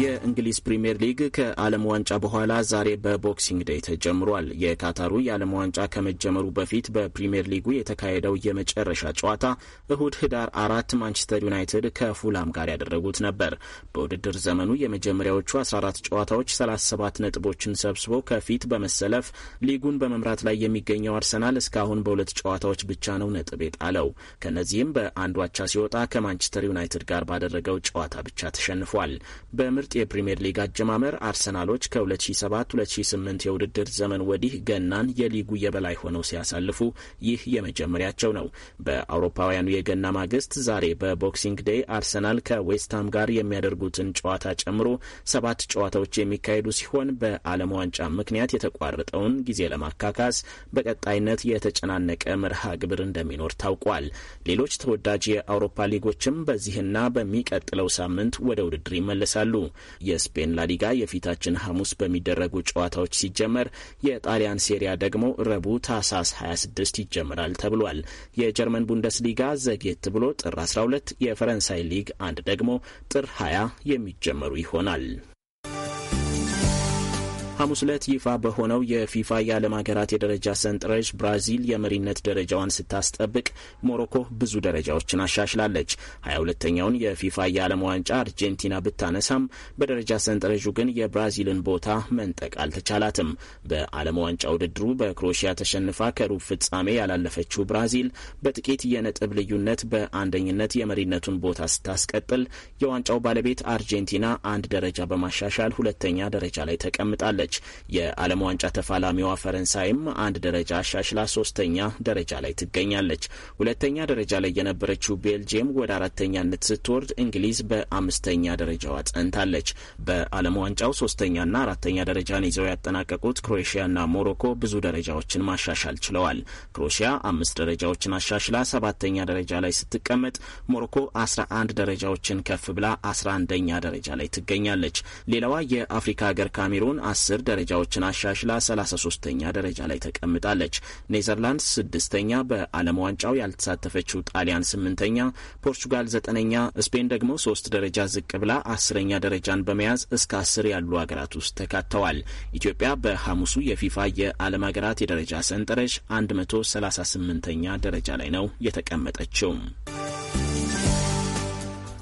የእንግሊዝ ፕሪምየር ሊግ ከዓለም ዋንጫ በኋላ ዛሬ በቦክሲንግ ዴይ ተጀምሯል። የካታሩ የዓለም ዋንጫ ከመጀመሩ በፊት በፕሪምየር ሊጉ የተካሄደው የመጨረሻ ጨዋታ እሁድ ህዳር አራት ማንቸስተር ዩናይትድ ከፉላም ጋር ያደረጉት ነበር። በውድድር ዘመኑ የመጀመሪያዎቹ 14 ጨዋታዎች 37 ነጥቦችን ሰብስቦ ከፊት በመሰለፍ ሊጉን በመምራት ላይ የሚገኘው አርሰናል እስካሁን በሁለት ጨዋታዎች ብቻ ነው ነጥብ የጣለው። ከነዚህም በአንዱ አቻ ሲወጣ ከማንቸስተር ዩናይትድ ጋር ባደረገው ጨዋታ ብቻ ተሸንፏል። ምርጥ የፕሪምየር ሊግ አጀማመር አርሰናሎች ከ2007-2008 የውድድር ዘመን ወዲህ ገናን የሊጉ የበላይ ሆነው ሲያሳልፉ ይህ የመጀመሪያቸው ነው። በአውሮፓውያኑ የገና ማግስት ዛሬ በቦክሲንግ ዴይ አርሰናል ከዌስትሃም ጋር የሚያደርጉትን ጨዋታ ጨምሮ ሰባት ጨዋታዎች የሚካሄዱ ሲሆን በዓለም ዋንጫ ምክንያት የተቋረጠውን ጊዜ ለማካካስ በቀጣይነት የተጨናነቀ መርሃ ግብር እንደሚኖር ታውቋል። ሌሎች ተወዳጅ የአውሮፓ ሊጎችም በዚህና በሚቀጥለው ሳምንት ወደ ውድድር ይመለሳሉ። የስፔን ላሊጋ የፊታችን ሐሙስ በሚደረጉ ጨዋታዎች ሲጀመር የጣሊያን ሴሪያ ደግሞ ረቡዕ ታህሳስ 26 ይጀምራል ተብሏል። የጀርመን ቡንደስሊጋ ዘግየት ብሎ ጥር 12፣ የፈረንሳይ ሊግ አንድ ደግሞ ጥር 20 የሚጀመሩ ይሆናል። ሐሙስ ዕለት ይፋ በሆነው የፊፋ የዓለም ሀገራት የደረጃ ሰንጠረዥ ብራዚል የመሪነት ደረጃዋን ስታስጠብቅ ሞሮኮ ብዙ ደረጃዎችን አሻሽላለች። ሀያ ሁለተኛውን የፊፋ የዓለም ዋንጫ አርጀንቲና ብታነሳም በደረጃ ሰንጠረዡ ግን የብራዚልን ቦታ መንጠቅ አልተቻላትም። በዓለም ዋንጫ ውድድሩ በክሮኤሽያ ተሸንፋ ከሩብ ፍጻሜ ያላለፈችው ብራዚል በጥቂት የነጥብ ልዩነት በአንደኝነት የመሪነቱን ቦታ ስታስቀጥል፣ የዋንጫው ባለቤት አርጀንቲና አንድ ደረጃ በማሻሻል ሁለተኛ ደረጃ ላይ ተቀምጣለች። አግኝታለች። የዓለም ዋንጫ ተፋላሚዋ ፈረንሳይም አንድ ደረጃ አሻሽላ ሶስተኛ ደረጃ ላይ ትገኛለች። ሁለተኛ ደረጃ ላይ የነበረችው ቤልጅየም ወደ አራተኛነት ስትወርድ፣ እንግሊዝ በአምስተኛ ደረጃዋ ጸንታለች። በዓለም ዋንጫው ሶስተኛና አራተኛ ደረጃን ይዘው ያጠናቀቁት ክሮኤሽያና ሞሮኮ ብዙ ደረጃዎችን ማሻሻል ችለዋል። ክሮኤሽያ አምስት ደረጃዎችን አሻሽላ ሰባተኛ ደረጃ ላይ ስትቀመጥ፣ ሞሮኮ አስራ አንድ ደረጃዎችን ከፍ ብላ አስራ አንደኛ ደረጃ ላይ ትገኛለች። ሌላዋ የአፍሪካ ሀገር ካሜሩን አስ ዝርዝር ደረጃዎችን አሻሽላ 33ተኛ ደረጃ ላይ ተቀምጣለች። ኔዘርላንድስ ስድስተኛ፣ በዓለም ዋንጫው ያልተሳተፈችው ጣሊያን ስምንተኛ፣ ፖርቹጋል ዘጠነኛ፣ ስፔን ደግሞ ሶስት ደረጃ ዝቅ ብላ አስረኛ ደረጃን በመያዝ እስከ አስር ያሉ ሀገራት ውስጥ ተካተዋል። ኢትዮጵያ በሐሙሱ የፊፋ የዓለም ሀገራት የደረጃ ሰንጠረዥ 138ኛ ደረጃ ላይ ነው የተቀመጠችው።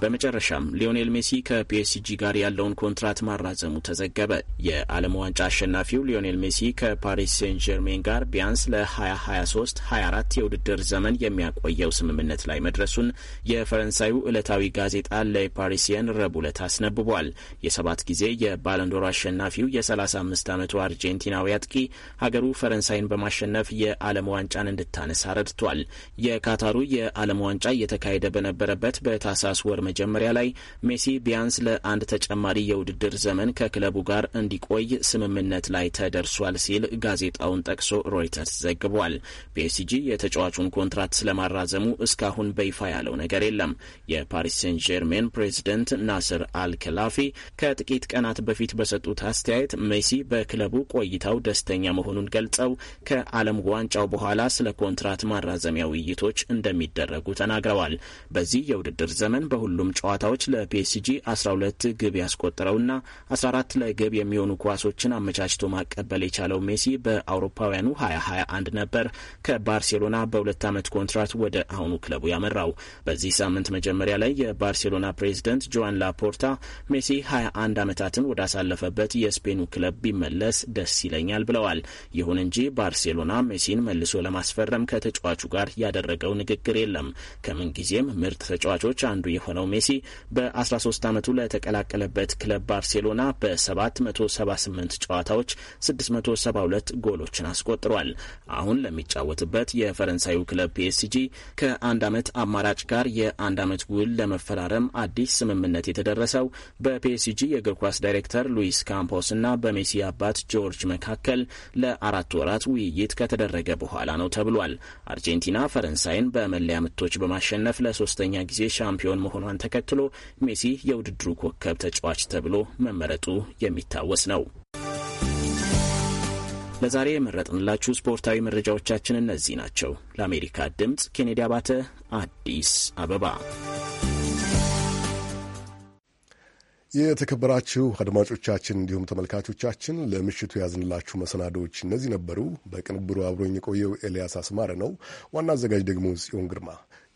በመጨረሻም ሊዮኔል ሜሲ ከፒኤስጂ ጋር ያለውን ኮንትራት ማራዘሙ ተዘገበ። የዓለም ዋንጫ አሸናፊው ሊዮኔል ሜሲ ከፓሪስ ሴን ጀርሜን ጋር ቢያንስ ለ2023 24 የውድድር ዘመን የሚያቆየው ስምምነት ላይ መድረሱን የፈረንሳዩ ዕለታዊ ጋዜጣ ለፓሪሲየን ረቡዕ ዕለት አስነብቧል። የሰባት ጊዜ የባለንዶሮ አሸናፊው የ35 ዓመቱ አርጀንቲናዊ አጥቂ ሀገሩ ፈረንሳይን በማሸነፍ የዓለም ዋንጫን እንድታነሳ ረድቷል። የካታሩ የዓለም ዋንጫ እየተካሄደ በነበረበት በታሳስ ወር መጀመሪያ ላይ ሜሲ ቢያንስ ለአንድ ተጨማሪ የውድድር ዘመን ከክለቡ ጋር እንዲቆይ ስምምነት ላይ ተደርሷል ሲል ጋዜጣውን ጠቅሶ ሮይተርስ ዘግቧል። ፒኤስጂ የተጫዋቹን ኮንትራት ስለማራዘሙ እስካሁን በይፋ ያለው ነገር የለም። የፓሪስ ሴን ጀርሜን ፕሬዚደንት ናስር አልከላፊ ከጥቂት ቀናት በፊት በሰጡት አስተያየት ሜሲ በክለቡ ቆይታው ደስተኛ መሆኑን ገልጸው ከዓለም ዋንጫው በኋላ ስለ ኮንትራት ማራዘሚያ ውይይቶች እንደሚደረጉ ተናግረዋል። በዚህ የውድድር ዘመን በሁሉ በሁሉም ጨዋታዎች ለፒኤስጂ 12 ግብ ያስቆጠረውና 14 ለግብ የሚሆኑ ኳሶችን አመቻችቶ ማቀበል የቻለው ሜሲ በአውሮፓውያኑ 2021 ነበር ከባርሴሎና በሁለት ዓመት ኮንትራት ወደ አሁኑ ክለቡ ያመራው። በዚህ ሳምንት መጀመሪያ ላይ የባርሴሎና ፕሬዚደንት ጆዋን ላፖርታ ሜሲ 21 ዓመታትን ወዳሳለፈበት የስፔኑ ክለብ ቢመለስ ደስ ይለኛል ብለዋል። ይሁን እንጂ ባርሴሎና ሜሲን መልሶ ለማስፈረም ከተጫዋቹ ጋር ያደረገው ንግግር የለም። ከምንጊዜም ምርጥ ተጫዋቾች አንዱ የሆነው ሜሲ በ13 ዓመቱ ለተቀላቀለበት ክለብ ባርሴሎና በ778 ጨዋታዎች 672 ጎሎችን አስቆጥሯል። አሁን ለሚጫወትበት የፈረንሳዩ ክለብ ፒኤስጂ ከአንድ ዓመት አማራጭ ጋር የአንድ ዓመት ውል ለመፈራረም አዲስ ስምምነት የተደረሰው በፒኤስጂ የእግር ኳስ ዳይሬክተር ሉዊስ ካምፖስ እና በሜሲ አባት ጆርጅ መካከል ለአራት ወራት ውይይት ከተደረገ በኋላ ነው ተብሏል። አርጀንቲና ፈረንሳይን በመለያ ምቶች በማሸነፍ ለሶስተኛ ጊዜ ሻምፒዮን መሆኗ መሆኗን ተከትሎ ሜሲ የውድድሩ ኮከብ ተጫዋች ተብሎ መመረጡ የሚታወስ ነው። ለዛሬ የመረጥንላችሁ ስፖርታዊ መረጃዎቻችን እነዚህ ናቸው። ለአሜሪካ ድምፅ ኬኔዲ አባተ፣ አዲስ አበባ። የተከበራችሁ አድማጮቻችን እንዲሁም ተመልካቾቻችን ለምሽቱ ያዝንላችሁ መሰናዶዎች እነዚህ ነበሩ። በቅንብሩ አብሮኝ የቆየው ኤልያስ አስማረ ነው። ዋና አዘጋጅ ደግሞ ጽዮን ግርማ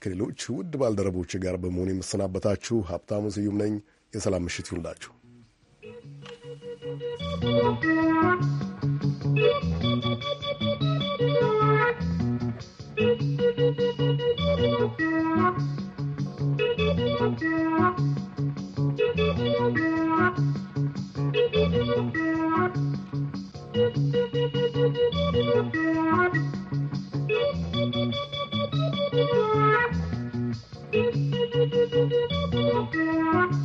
ከሌሎች ውድ ባልደረቦች ጋር በመሆን የምሰናበታችሁ ሀብታሙ ስዩም ነኝ። የሰላም ምሽት ይሁንላችሁ። Thank you.